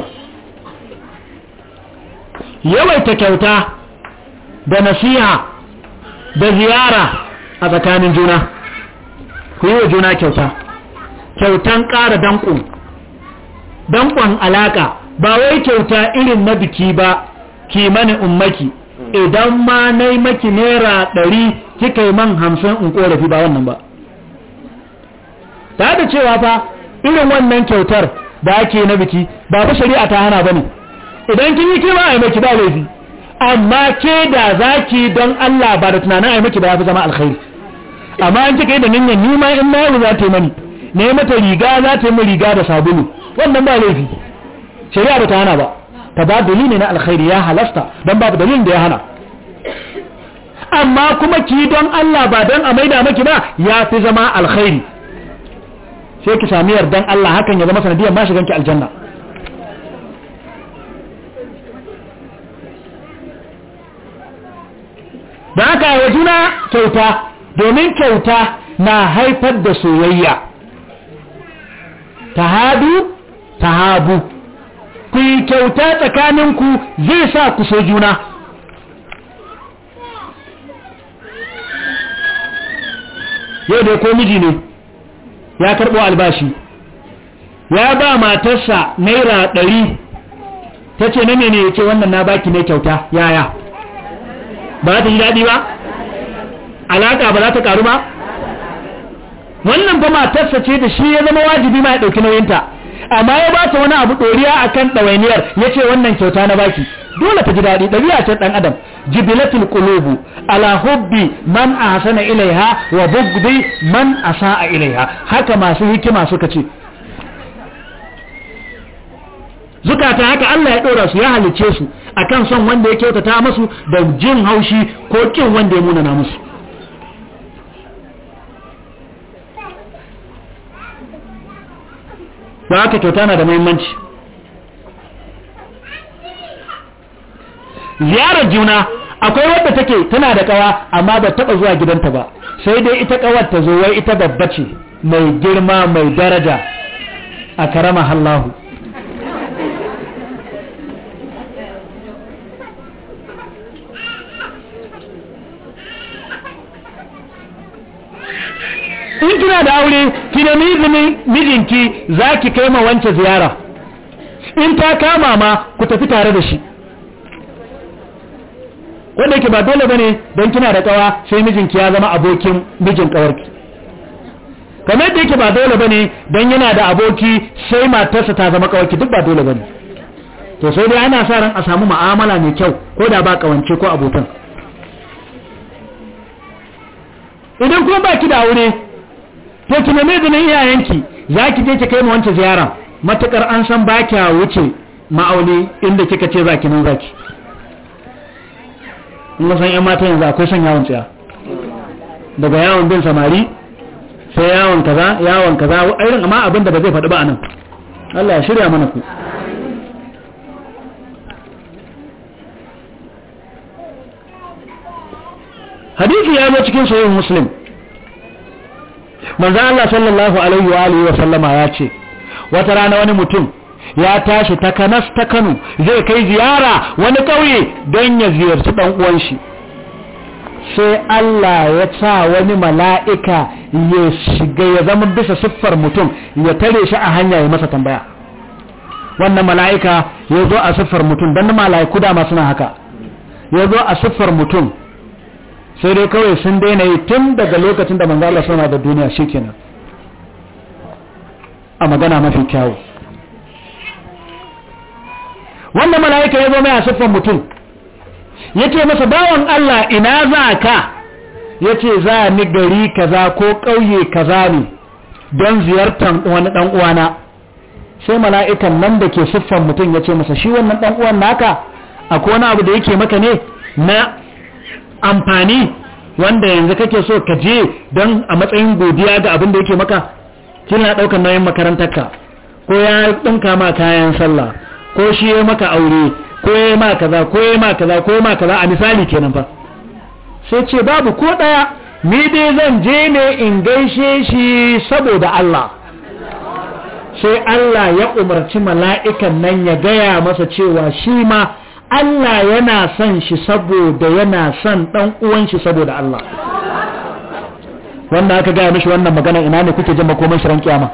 yawaita kyauta da nasiha da ziyara a tsakanin juna ku yi wa juna kyauta kyautan ƙara danƙon danƙon alaƙa ba wai kyauta irin na biki ba kimanin ummaki idan ma na yi maki naira ɗari kika yi man hamsin in ƙorafi ba wannan ba ta da cewa fa irin wannan kyautar da ake na biki ba ku shari'a ta hana ba ne idan kin yi kima a maki ba laifi amma ke da za ki don allah ba da tunanin a maki ba ya fi zama alkhairi amma an kika yi da nan ni ma in na za ta yi mani ne mata riga za ta yi min riga da sabulu wannan ba laifi shari'a ba ta hana ba ta ba dalili na alkhairi ya halasta don babu dalilin da ya hana amma kuma ki don Allah ba don a maida maki ba ya fi zama alkhairi sai ki sami yardan Allah hakan ya zama sanadiyar ma shiganki aljanna da aka yi juna kyauta domin kyauta na haifar da soyayya ta ta ta ku yi kyauta tsakaninku zai sa ku so juna yau da ko miji ne ya karɓo albashi ya ba matarsa naira ɗari ta ce na mene ya ce wannan na baki ne kyauta yaya ba ta yi daɗi ba alaka ba za ta karu ba wannan ba matarsa ce da shi ya zama wajibi ma ya ɗauki nauyinta amma ya bata wani abu ɗoriya akan kan ɗawainiyar ya wannan kyauta na baki dole ta ji daɗi ɗabi'a ce ɗan adam jibilatul qulubu ala hubbi man ahsana ilaiha wa bughdi man asaa ilaiha haka masu hikima suka ce zukata haka Allah ya ɗora su ya halicce su akan son wanda ya kyautata musu da jin haushi ko kin wanda ya munana musu ba haka kyauta na da muhimmanci ziyarar juna akwai wadda take tana da kawa amma ba taba zuwa gidanta ba sai dai ita kawar ta zo wai ita babba ce mai girma mai daraja a karama hallahu da aure ki da mijinki za ki kai ma wance ziyara in ta kama ma ku tafi tare da shi wanda ke ba dole bane don kina da kawa sai mijinki ya zama abokin mijin kawarki kamar da yake ba dole bane don yana da aboki sai matarsa ta zama kawarki duk ba dole bane to sai dai ana sa ran a samu mu'amala mai kyau ko da ba kawance ko abokan idan kuma ba ki da aure to ki da izinin iyayenki za ki je ki kai mu wance ziyara matakar an san ba ki wuce ma'auni inda kika ce za ki nan zaki in san yan mata yanzu akwai son yawon tsaya daga yawon bin samari sai yawon kaza yawon kaza irin amma abin da ba zai faɗi ba anan Allah ya shirya mana ku hadisi ya zo cikin sahih muslim manzo Allah sallallahu alaihi wa alihi wa sallama ya ce wata rana wani mutum ya tashi ta kanas ta kanu zai kai ziyara wani kauye don ya ziyarci dan uwan shi sai Allah ya sa wani mala'ika ya shiga ya zama bisa siffar mutum ya tare shi a hanya ya masa tambaya wannan mala'ika ya zo a siffar mutum don mala'iku dama suna haka ya zo a siffar mutum sai dai kawai sun daina yi tun daga lokacin da manzo Allah da duniya shikenan a magana mafi kyawu wannan mala'ika ya zo mai siffar mutum ya ce masa bawan Allah ina za ka ya ce za ni gari kaza ko ƙauye kaza ne don ziyartar wani ɗan sai mala'ikan nan da ke siffan mutum ya ce masa shi wannan ɗan uwan naka a wani abu da yake maka ne na amfani wanda yanzu kake so ka je don a matsayin godiya ga abin da yake maka kina ɗaukar nauyin makarantarka ko ya dinka ma kayan sallah ko shi ya maka aure ko ya ma kaza ko ya ma kaza ko ma kaza a misali kenan fa sai ce babu ko ɗaya ni dai zan je ne in gaishe shi saboda Allah sai Allah ya umarci mala'ikan nan ya gaya masa cewa shi ma Allah yana son shi saboda yana son ɗan uwan shi saboda Allah wanda aka gaya mishi wannan magana ina ne kuke jin makoman shirin kiyama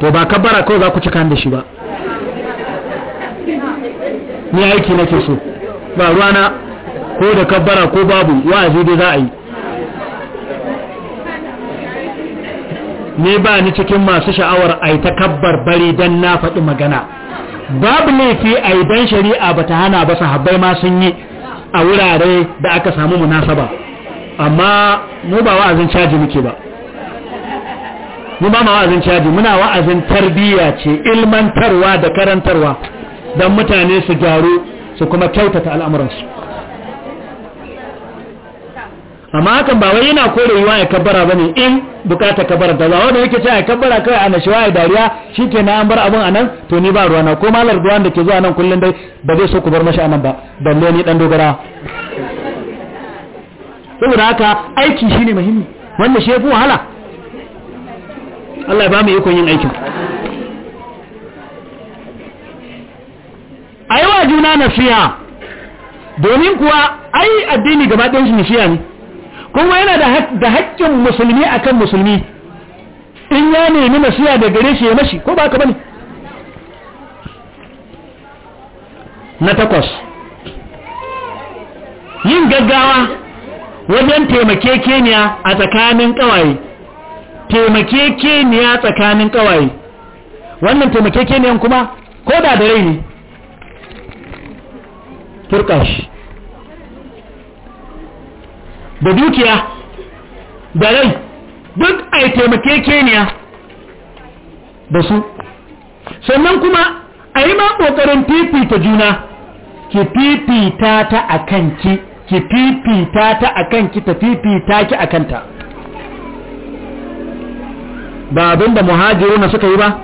to ba kabbara kawai za ku cika da shi ba ni aiki nake so ba ruwana ko da kabbara ko babu wa'azi dai za a yi ni ba ni cikin masu sha'awar ai ta kabbar bari don na faɗi magana babu laifi a yi shari'a ba ta hana ba sahabbai ma sun yi a wurare da aka samu munasaba amma mu ba wa'azin caji muke ba mu ba ma wa'azin caji muna wa'azin tarbiyya ce ilmantarwa da karantarwa don mutane su gyaru su kuma kyautata al'amuransu amma hakan ba wai yana kore yiwa ya kabbara bane in bukata kabbara da ba wanda yake cewa ya kabbara kai ana shiwa ya dariya shikenan an bar abun anan to ni ba ruwana ko malar ruwan da ke zuwa nan kullun dai ba zai so ku bar mashi anan ba balle ni dan dogara saboda haka aiki shine muhimmi wanda shi yafi wahala Allah ya ba mu ikon yin aikin a yi wa juna nasiha domin kuwa ai addini gaba ɗayan shi nasiha ne kuma yana da haƙƙin musulmi akan musulmi in ya nemi nasiya da gare shi ya mashi ko ba ka bane na takwas yin gaggawa wajen keniya a tsakanin ƙawaye taimakekeniya tsakanin ƙawaye wannan taimake keniyan kuma ko da da rai ne turkashi da dukiya da rai duk a yi taimake keniya da su sannan kuma a yi ma ƙoƙarin fifita juna ki fifita ta a kanki ki fifita ta a kanki ta fifita ki a kanta ba abin da na suka yi ba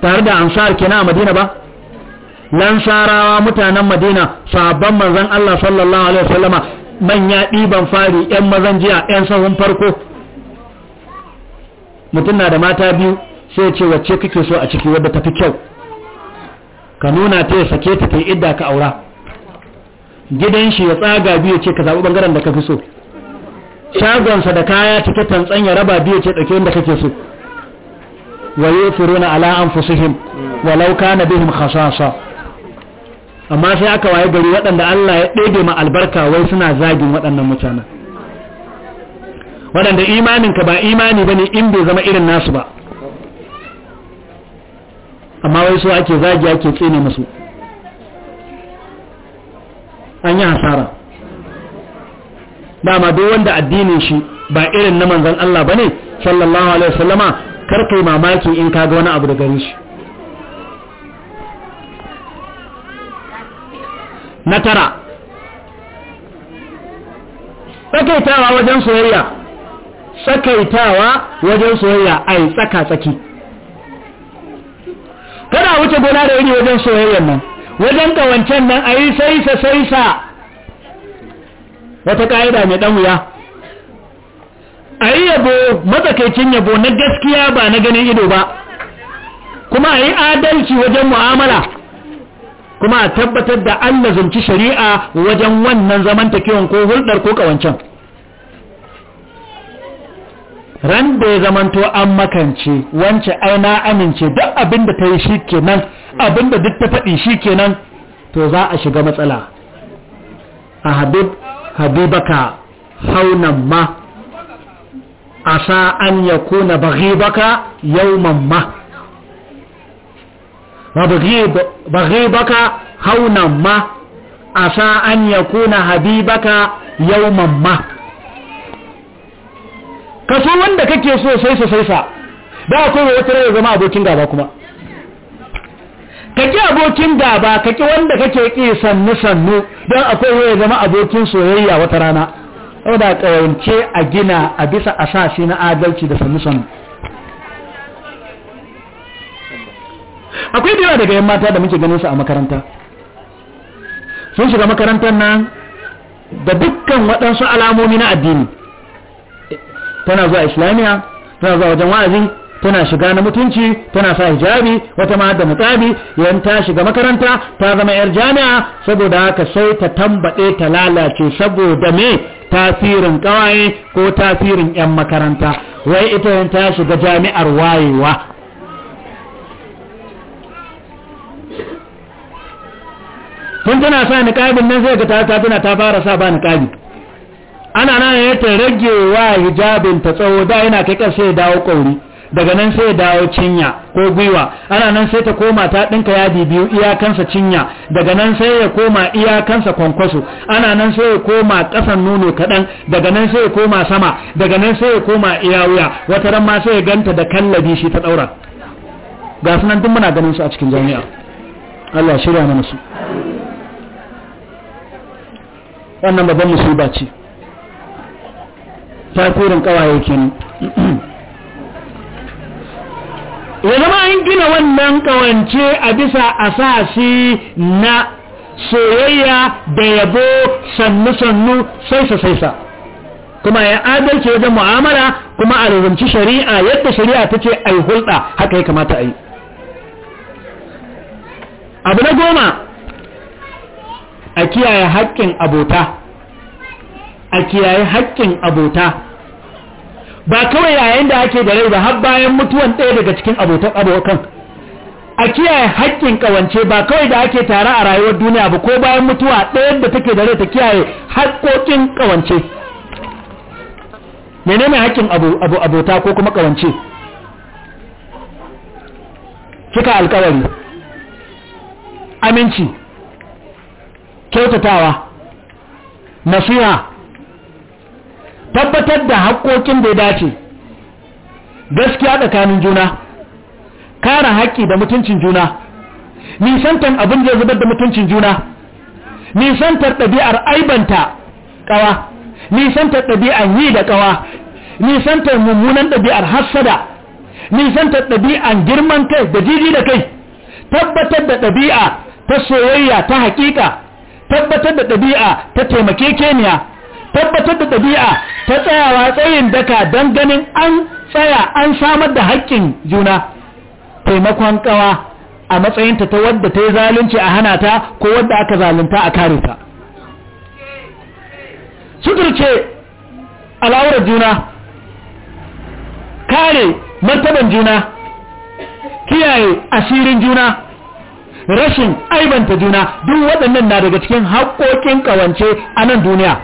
tare da ansar kina a madina ba lansarawa mutanen madina sabon manzan Allah sallallahu alaihi wasallama manya ɗiban fari 'yan mazan jiya 'yan sahun farko mutum na da mata biyu sai ce wacce kake so a ciki wadda ta fi kyau ka nuna ta ya sake ta kai idda ka aura gidan shi ya tsaga biyu ce ka zaɓi ɓangaren da ka fi so shagonsa da kaya cike tantsan ya raba biyu ce ɗauke da kake so wa yi furuna ala an fusuhim walau kana bihim khasasa amma sai aka waye gari waɗanda Allah ya ɗebe ma albarka wai suna zagin waɗannan mutanen waɗanda imaninka ba imani bane in bai zama irin nasu ba amma wai su ake zagi ake tsene musu an yi hasara dama duk wanda addinin shi ba irin na manzan Allah ba ne sallallahu alaihi wasallama kar kai mamaki in kaga wani abu da gare shi na tara tsakaitawa wajen soyayya tsakaitawa wajen soyayya yi tsaka tsaki kada wuce gona da iri wajen soyayyan nan wajen ƙawancen nan a yi saisa saisa wata ƙa'ida mai ɗan wuya A yi yabo matsakaicin yabo na gaskiya ba na ganin ido ba kuma a yi adalci wajen mu'amala kuma a tabbatar da an lazumci shari'a wajen wannan zamantakewan ko hulɗar ko kawance. ran da ya zamanto an makance wance aina amince duk abin da ta yi shi kenan abin da duk ta faɗi shi kenan to za a shiga matsala a habib habibaka haunan ma asa an yakuna baghibaka yawman ma wa baghibaka haunan ma a asa an yakuna habibaka yawman ma kaso wanda kake so sai sa sai sa ba akwai wata rai zama abokin gaba kuma kaki abokin gaba kaki wanda kake ƙi sannu sannu don akwai waya zama abokin soyayya wata rana saboda ƙawance a gina a bisa asasi na adalci da sannu sannu akwai da yawa daga yan mata da muke ganin su a makaranta sun shiga makarantar nan da dukkan waɗansu alamomi na addini tana zuwa islamiya tana zuwa wajen wa'azi tana shiga na mutunci tana sa hijabi wata ma da mutsabi yan ta shiga makaranta ta zama yar jami'a saboda haka sai ta tambaɗe ta lalace saboda me tasirin ƙawaye ko tasirin yan makaranta wai ita yan ta shiga jami'ar wayewa tun tana sa niƙabin nan zai ga ta ta tana ta fara sa ba niƙabi ana nan ya ta rage wa hijabin ta tsawo da yana kai kan sai dawo kauri daga nan sai dawo cinya ko gwiwa ana nan sai ta koma ta ɗinka yadi biyu iyakansa cinya daga nan sai ya koma iyakansa kwankwaso ana nan sai ya koma ƙasan nono kaɗan daga nan sai ya koma sama daga nan sai ya koma iya wata ran ma sai ya ganta da kallabi shi ta ɗaura ga sunan duk muna ganin su a cikin jami'a Allah shirya na su wannan babban musulba ce tasirin kawaye kenan ya zama an gina wannan kawance a bisa asasi na soyayya da yabo sannu-sannu saisa-saisa kuma ya adalci wajen mu'amala kuma a rubunci shari'a yadda shari'a ta ce a hulɗa haka ya kamata a yi abu na goma a kiyaye haƙƙin abota a kiyaye haƙƙin abota ba kawai yayin da ake da rai ba har bayan mutuwan ɗaya daga cikin abotan abokan a kiyaye haƙƙin ƙawance ba kawai da ake tare a rayuwar duniya ba ko bayan mutuwa ɗayan da take da rai ta kiyaye haƙƙoƙin ƙawance menene haƙƙin abota ko kuma ƙawance kika alƙawari aminci kyautatawa nasiha tabbatar da haƙoƙin da ya dace gaskiya tsakanin juna kare haƙƙi da mutuncin juna nisantar abin da ya zubar da mutuncin juna nisantar ɗabi'ar aibanta ƙawa nisantar ɗabi'ar yi da ƙawa nisantar mummunan ɗabi'ar hassada nisantar ɗabi'ar girman kai da jiji da kai tabbatar da ɗabi'a ta soyayya ta haƙiƙa tabbatar da ɗabi'a ta taimake keniya tabbatar da ɗabi'a ta tsayawa tsayin daka don ganin an tsaya an samar da haƙƙin juna taimakon ƙawa a matsayinta ta wadda ta yi zalunci a hana ta ko wadda aka zalunta a kare ta suturce al'aurar juna kare martaban juna kiyaye asirin juna rashin aibanta juna duk waɗannan na daga cikin haƙoƙin ƙawance a nan duniya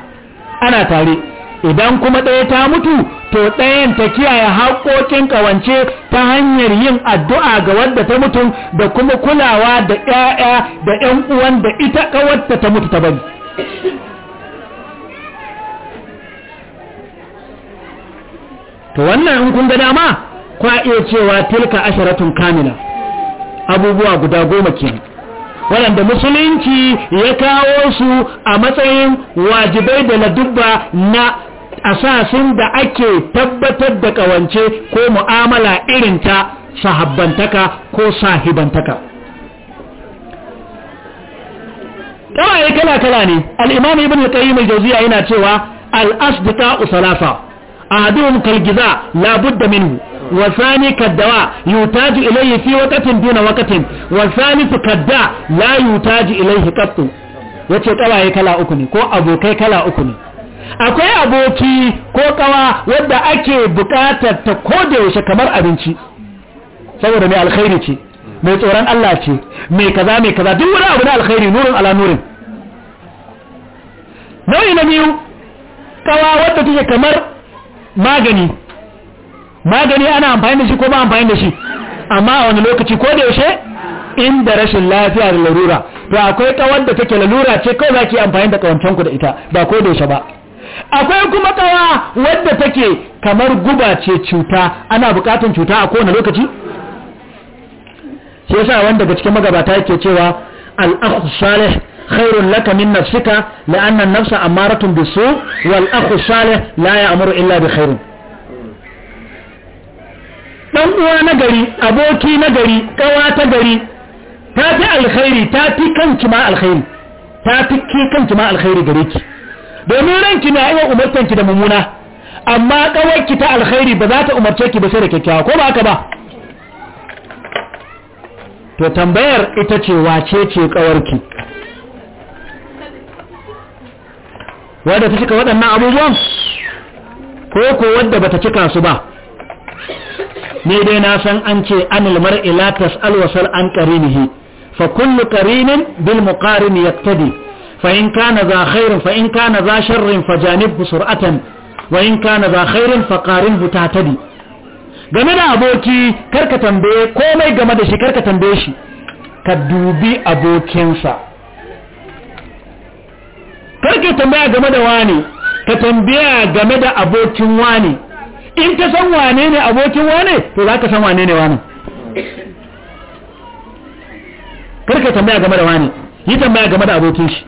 ana tare idan kuma ɗaya ta mutu to ɗayan ta kiyaye haƙoƙin ƙawance ta hanyar yin addu'a ga wadda ta mutu da kuma kulawa da ƴaƴa da ƴan uwan da ita ƙawarta ta mutu ta bari to wannan in kun ga dama kwa iya cewa tilka asharatun kamila abubuwa guda goma kenan waɗanda musulunci ya kawo su a matsayin wajibai da dubba na asasin da ake tabbatar da ƙawance ko mu'amala irin ta sahabbantaka ko sahibantaka ƙawaye kala-kala ne al'imam ibn al mai al yana cewa al-asdiqa usalasa ahadun kalgiza labudda minhu والثاني كالدواء يحتاج إليه في وقت دون وقت والثالث كالداء لا يحتاج إليه قط yace kawaye kala uku ne ko abokai kala uku ne akwai aboki ko kawa wadda ake bukatar ta koda yaushe kamar abinci saboda mai alkhairi ce mai tsoron Allah ce mai kaza mai kaza duk wani abu na alkhairi nurin ala nurin nau'i na biyu kawa wadda take kamar magani magani ana amfani da shi ko ba amfani da shi amma a wani lokaci ko da yaushe inda rashin lafiya da larura to akwai kawar da take lalura ce kawai zaki amfani da kawancan ku da ita ba ko da yaushe ba akwai kuma kawa wadda take kamar guba ce cuta ana bukatun cuta a kowane lokaci sai yasa wanda daga cikin magabata yake cewa al-akhu salih khairun laka min nafsika la'anna an-nafsa amaratun bisu wal akhu salih la ya'muru illa bi khairin ɗan uwa na gari aboki na gari ƙawa ta gari ta fi alkhairi ta fi kanki ma alkhairi ta fi kanki ma alkhairi gare ki domin ranki na iya umartanki da mummuna amma ƙawarki ta alkhairi ba za ta umarce ki ba sai da kyakkyawa ko ba haka ba to tambayar ita ce wace ce ƙawarki wadda ta cika waɗannan abubuwan ko ko wadda ta cika su ba ni dai na san an ce anil mar'i la tas'al wa sal an qarinihi fa kullu qarinin bil muqarin yaqtadi fa in kana za khairin fa in kana za sharrin fa janibhu sur'atan wa in kana za khairin fa qarinhu tatadi game da aboki karka tambaye komai game da shi karka tambaye shi ka dubi abokinsa karka tambaya game da wani ka tambaya game da abokin wani in ka san wane ne abokin wane to za ka san wane ne wane karka tambaya game da wane yi tambaya game da abokin shi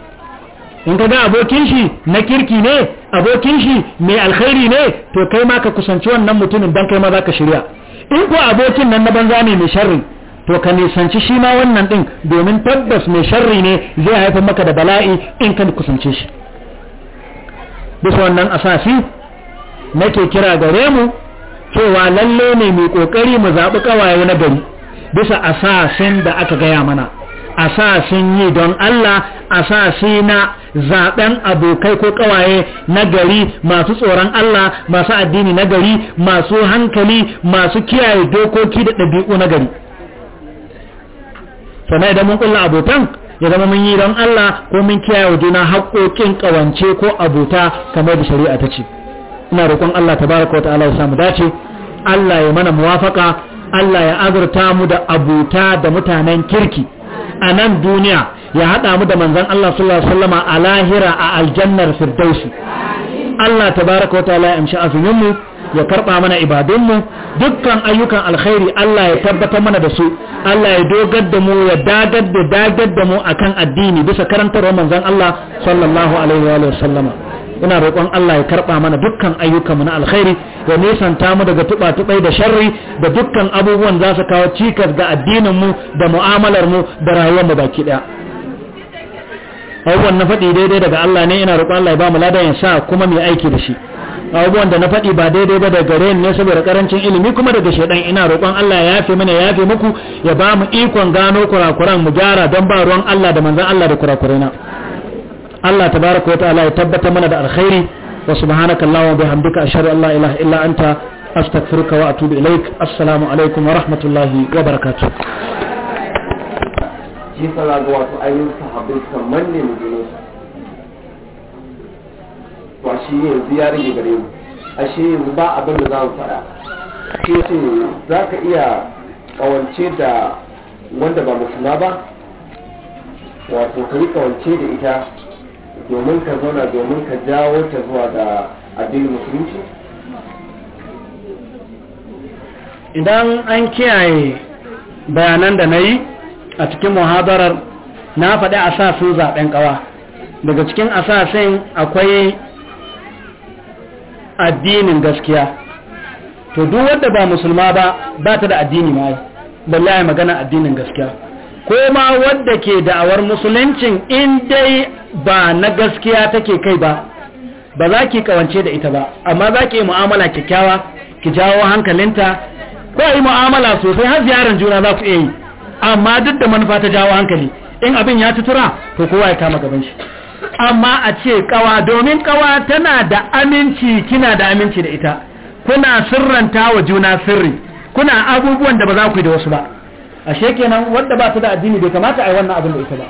in ka ga abokin shi na kirki ne abokin shi mai alkhairi ne to kai ma ka kusanci wannan mutumin don kai ma za ka shirya in ko abokin nan na banza ne mai sharri to ka nisanci shi ma wannan din domin tabbas mai sharri ne zai haifar maka da bala'i in ka kusance shi bisa wannan asasi nake kira gare mu cewa lalle ne mai kokari mu zaɓi kawaye na gari bisa asasin da aka gaya mana asasin yi don Allah asasi na zaɓen abokai ko kawaye na gari masu tsoron Allah masu addini na gari masu hankali masu kiyaye dokoki da ɗabi'u na gari sannan idan mun kulla abotan ya zama mun yi don Allah ko mun kiyaye juna haƙoƙin ƙawance ko abota kamar da shari'a ta ce ina roƙon Allah tabaraka wa ta'ala ya samu dace Allah ya mana muwafaka Allah ya azurta mu da abuta da mutanen kirki a nan duniya ya haɗa mu da manzon Allah sallallahu alaihi a lahira a aljannar firdausi Allah tabaraka wa ta'ala ya amshi azumin mu ya karɓa mana ibadunmu dukkan ayyukan alkhairi Allah ya tabbatar mana da su Allah ya dogar da mu ya dagar da dagar da mu akan addini bisa karantarwar manzon Allah sallallahu alaihi wa sallama ina roƙon Allah ya karɓa mana dukkan ayyukanmu na alkhairi ya nisanta mu daga tuba-tubai da sharri da dukkan abubuwan za su kawo cikas ga addininmu da mu'amalarmu da rayuwarmu baki ɗaya abubuwan na faɗi daidai daga Allah ne ina roƙon Allah ya ba mu ladan ya sa kuma mu aiki da shi abubuwan da na faɗi ba daidai ba daga gare ne saboda karancin ilimi kuma daga shaidan ina roƙon Allah ya yafe mana ya yafe muku ya ba mu ikon gano kurakuran mu gyara don ba ruwan Allah da manzan Allah da kurakurena Allah tabaraka wa ta'ala ya tabbatar mana da alkhairi wa subhanaka allahumma bihamdika ashhadu an la ilaha illa anta astaghfiruka wa atubu ilaik assalamu alaikum wa rahmatullahi wa barakatuh shi fara ga wato ainihin sahabbai kamar ne mu gino to shi yanzu ya rage gare mu ashe yanzu ba abin da za mu faɗa shi ce za ka iya ƙawance da wanda ba musulma ba wato ka yi ƙawance da ita domin ka zauna domin ka jawo ta zuwa ga addinin musulunci idan an kiyaye bayanan da na yi a cikin muhabarar na faɗi a asasin zaɓen ƙawa daga cikin asasin akwai addinin gaskiya to duk wadda ba musulma ba ba ta da addini ma balla ya magana addinin gaskiya ko ma wadda ke da'awar musuluncin in dai ba na gaskiya take kai ba ba za ki kawance da ita ba amma za ki yi mu'amala kyakkyawa ki jawo hankalinta ko yi mu'amala sosai har ziyarar juna za ku iya yi amma duk da manufa ta jawo hankali in abin ya tutura to kowa ya kama gaban shi amma a ce kawa domin kawa tana da aminci kina da aminci da ita kuna sirranta wa juna sirri kuna abubuwan da ba za ku yi da wasu ba ashe kenan wanda ba ta da addini bai kamata a yi wannan abin da ita ba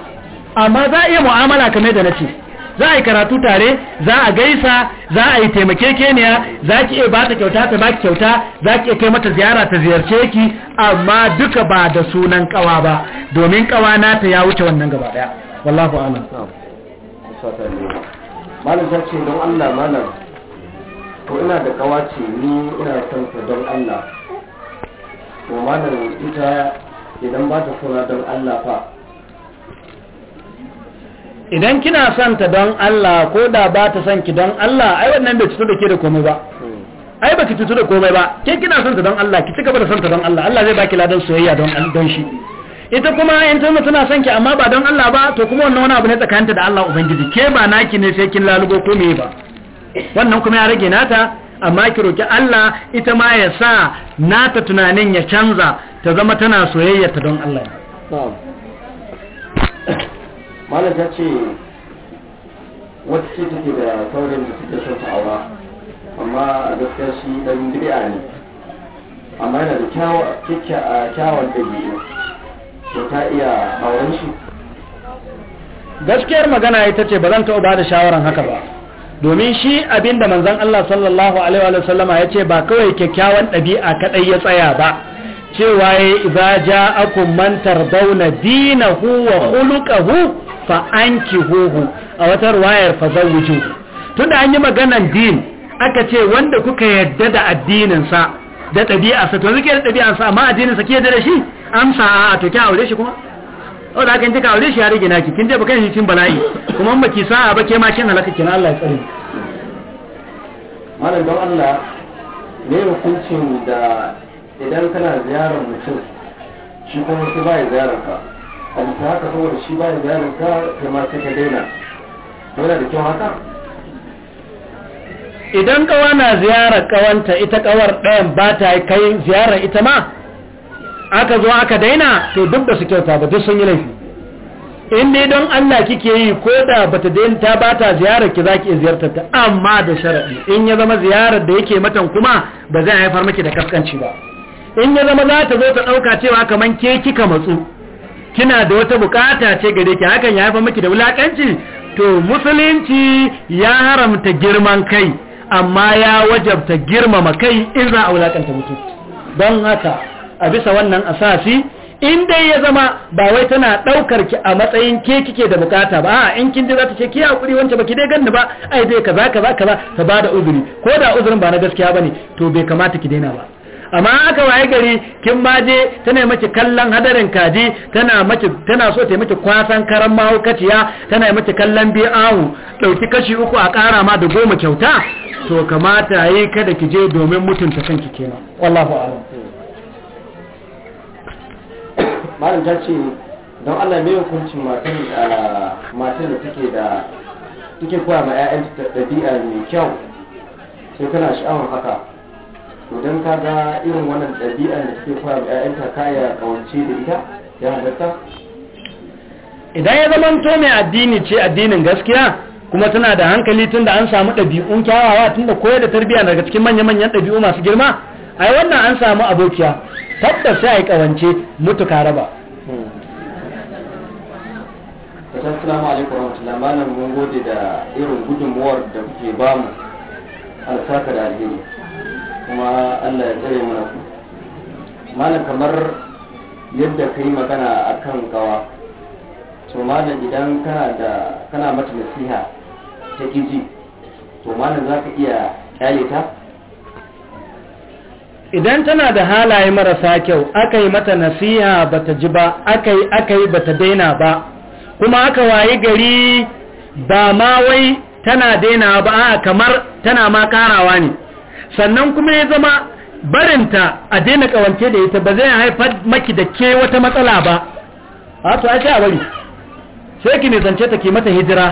amma za a iya mu'amala kamar da na ce za a yi karatu tare za a gaisa za a yi taimakekeniya za ki iya ba ta kyauta ta ba ki kyauta za ki iya kai mata ziyara ta ziyarce ki amma duka ba da sunan kawa ba domin kawa ta ya wuce wannan gaba daya wallahu a'lam malam ta ce don Allah malam to ina da kawace ni ina son don Allah to malam ita idan ba ta suna don Allah fa idan kina son ta don Allah ko da ba ta son ki don Allah ai wannan bai cutu da ke da komai ba ai ba ki fito da komai ba ke kina son ta don Allah ki ba da son ta don Allah Allah zai baki ladan soyayya don don shi ita kuma in ta suna son ki amma ba don Allah ba to kuma wannan wani abu ne tsakaninta da Allah ubangiji ke ba naki ne sai kin lalugo ko me ba wannan kuma ya rage nata amma ki roki Allah ita ma ya sa nata tunanin ya canza ta zama tana soyayya ta don Allah malam ta ce wata ce take da saurin da suke son ta aura amma a gaskiya shi ɗan bid'a ne amma yana da kyawun dabi'u to ta iya auren shi gaskiyar magana ita ce ba zan taɓa ba da shawaran haka ba domin shi abinda manzon Allah sallallahu alaihi wa ya ce ba kawai kyakkyawan ɗabi'a kaɗai ya tsaya ba cewa ya iza ja akun mantar dauna dinahu wa hu fa an huhu a wata ruwayar fa Tun tunda an yi maganan din aka ce wanda kuka yadda da addininsa da ɗabi'arsa to zuke da ɗabi'arsa amma addininsa ke yadda da shi amsa a to kya aure shi kuma o da kan ka aure shi ya rage naki kin je ba kan cin bala'i kuma ba ki sa'a ba ke ma kin halaka kina Allah ya tsare malam Dan Allah ne hukuncin da idan kana ziyarar mutum shi kuma shi ba ziyarar ka a bisa haka saboda shi ba ziyarar ka kai ma sai ka daina yana da kyau haka idan kawa na ziyarar kawanta ita kawar ɗayan ba ta kai ziyarar ita ma aka zo aka daina to duk da su kyauta ba duk sun yi laifi in dai don Allah kike yi ko da bata daina ta bata ziyarar ki zaki ziyartar ta amma da sharadi in ya zama ziyarar da yake matan kuma ba zai haifar miki da kaskanci ba in ya zama za ta zo ta dauka cewa kaman ke kika matsu kina da wata bukata ce gare ki hakan ya haifar miki da wulakanci to musulunci ya haramta girman kai amma ya wajabta girmama kai in za a wulakanta mutum don haka a bisa wannan asasi in dai ya zama ba wai tana ɗaukar ki a matsayin ke kike da bukata ba a in kin ji za ta ce ki hakuri ba ki dai ganni ba ai dai kaza kaza kaza ta bada uzuri ko da uzurin ba na gaskiya ba ne to bai kamata ki daina ba amma aka waye gari kin ma je tana miki kallon hadarin kaji tana miki tana so ta miki kwasan karan mahaukaciya tana miki kallon bi'awu dauki kashi uku a kara ma da goma kyauta to kamata yi kada ki je domin mutunta kanki kenan wallahi a'lam malam ta ce don Allah mai hukuncin matan ah, matan da take da take koya ma 'ya'yan ta dabi'a mai kyau sai kana sha'awar haka to dan ka ga irin wannan dabi'a da take kuwa ma 'ya'yan ta kaya kawance da ita ya halatta idan ya zama to mai addini ce addinin gaskiya kuma tana da hankali tun da an samu ɗabi'un kyawawa tun da koyar da tarbiyya daga cikin manya-manyan ɗabi'u masu girma ai wannan an samu abokiya tabbas sai a yi kawance mutu ka raba assalamu alaikum warahmatullahi malam mun gode da irin gudunmuwar da kuke ba mu alsaka da alheri kuma Allah ya tsare mana ku malam kamar yadda ka yi magana akan gawa to malam idan kana da kana mata nasiha ta kiji to malam za ka iya kyale ta idan tana da halaye marasa kyau aka yi mata nasiha ba ta ji ba aka yi aka yi bata daina ba kuma aka wayi gari ba ma wai tana daina ba a kamar tana ma karawa ne sannan kuma ya zama barinta a daina kawance da ita ba zai haifar maki da ke wata matsala ba a to a bari sai ki nisance ta ke mata hijira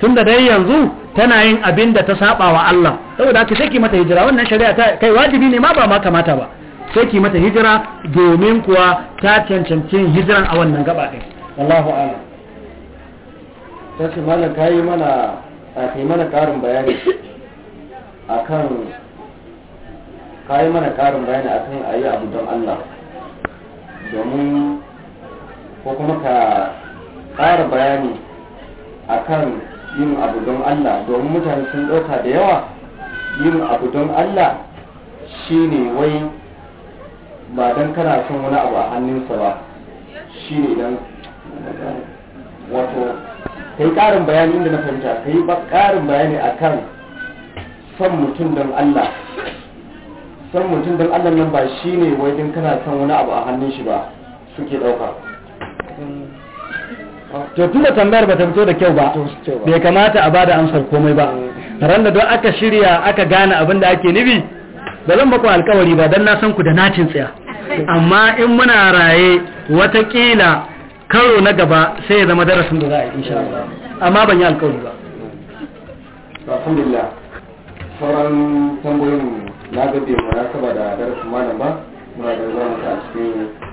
tunda dai yanzu tana yin abin da ta saba wa Allah saboda haka sai ki mata hijira wannan shari'a ta kai wajibi ne ma ba ma kamata ba sai ki mata hijira domin kuwa ta cancanci hijiran a wannan gaba ɗin wallahu a'lam sai malam kai mana kai mana karin bayani akan kai mana karin bayani akan ayi abu don Allah domin ko kuma ka ƙara bayani akan yin abu don Allah domin mutane sun ɗauka da yawa yin abu don Allah shi ne wai ba don kana son wani abu a hannunsa ba shi ne don wato Ka yi ƙarin bayani inda na fahimta yi ƙarin bayani kan son mutum don Allah son mutum don Allah nan ba shi ne wai don kana son wani abu a hannun shi ba suke ɗauka to tunda tambayar ba ta fito da kyau ba bai kamata a bada amsar komai ba ran da don aka shirya aka gane abin da ake nufi ba zan baku alkawari ba don na san ku da nacin tsaya amma in muna raye watakila karo na gaba sai ya zama darasin da za a yi insha Allah amma ban yi alkawari ba alhamdulillah sauran tambayoyin na gabe mu na saba da darasin malam ba muna da zama ta cikin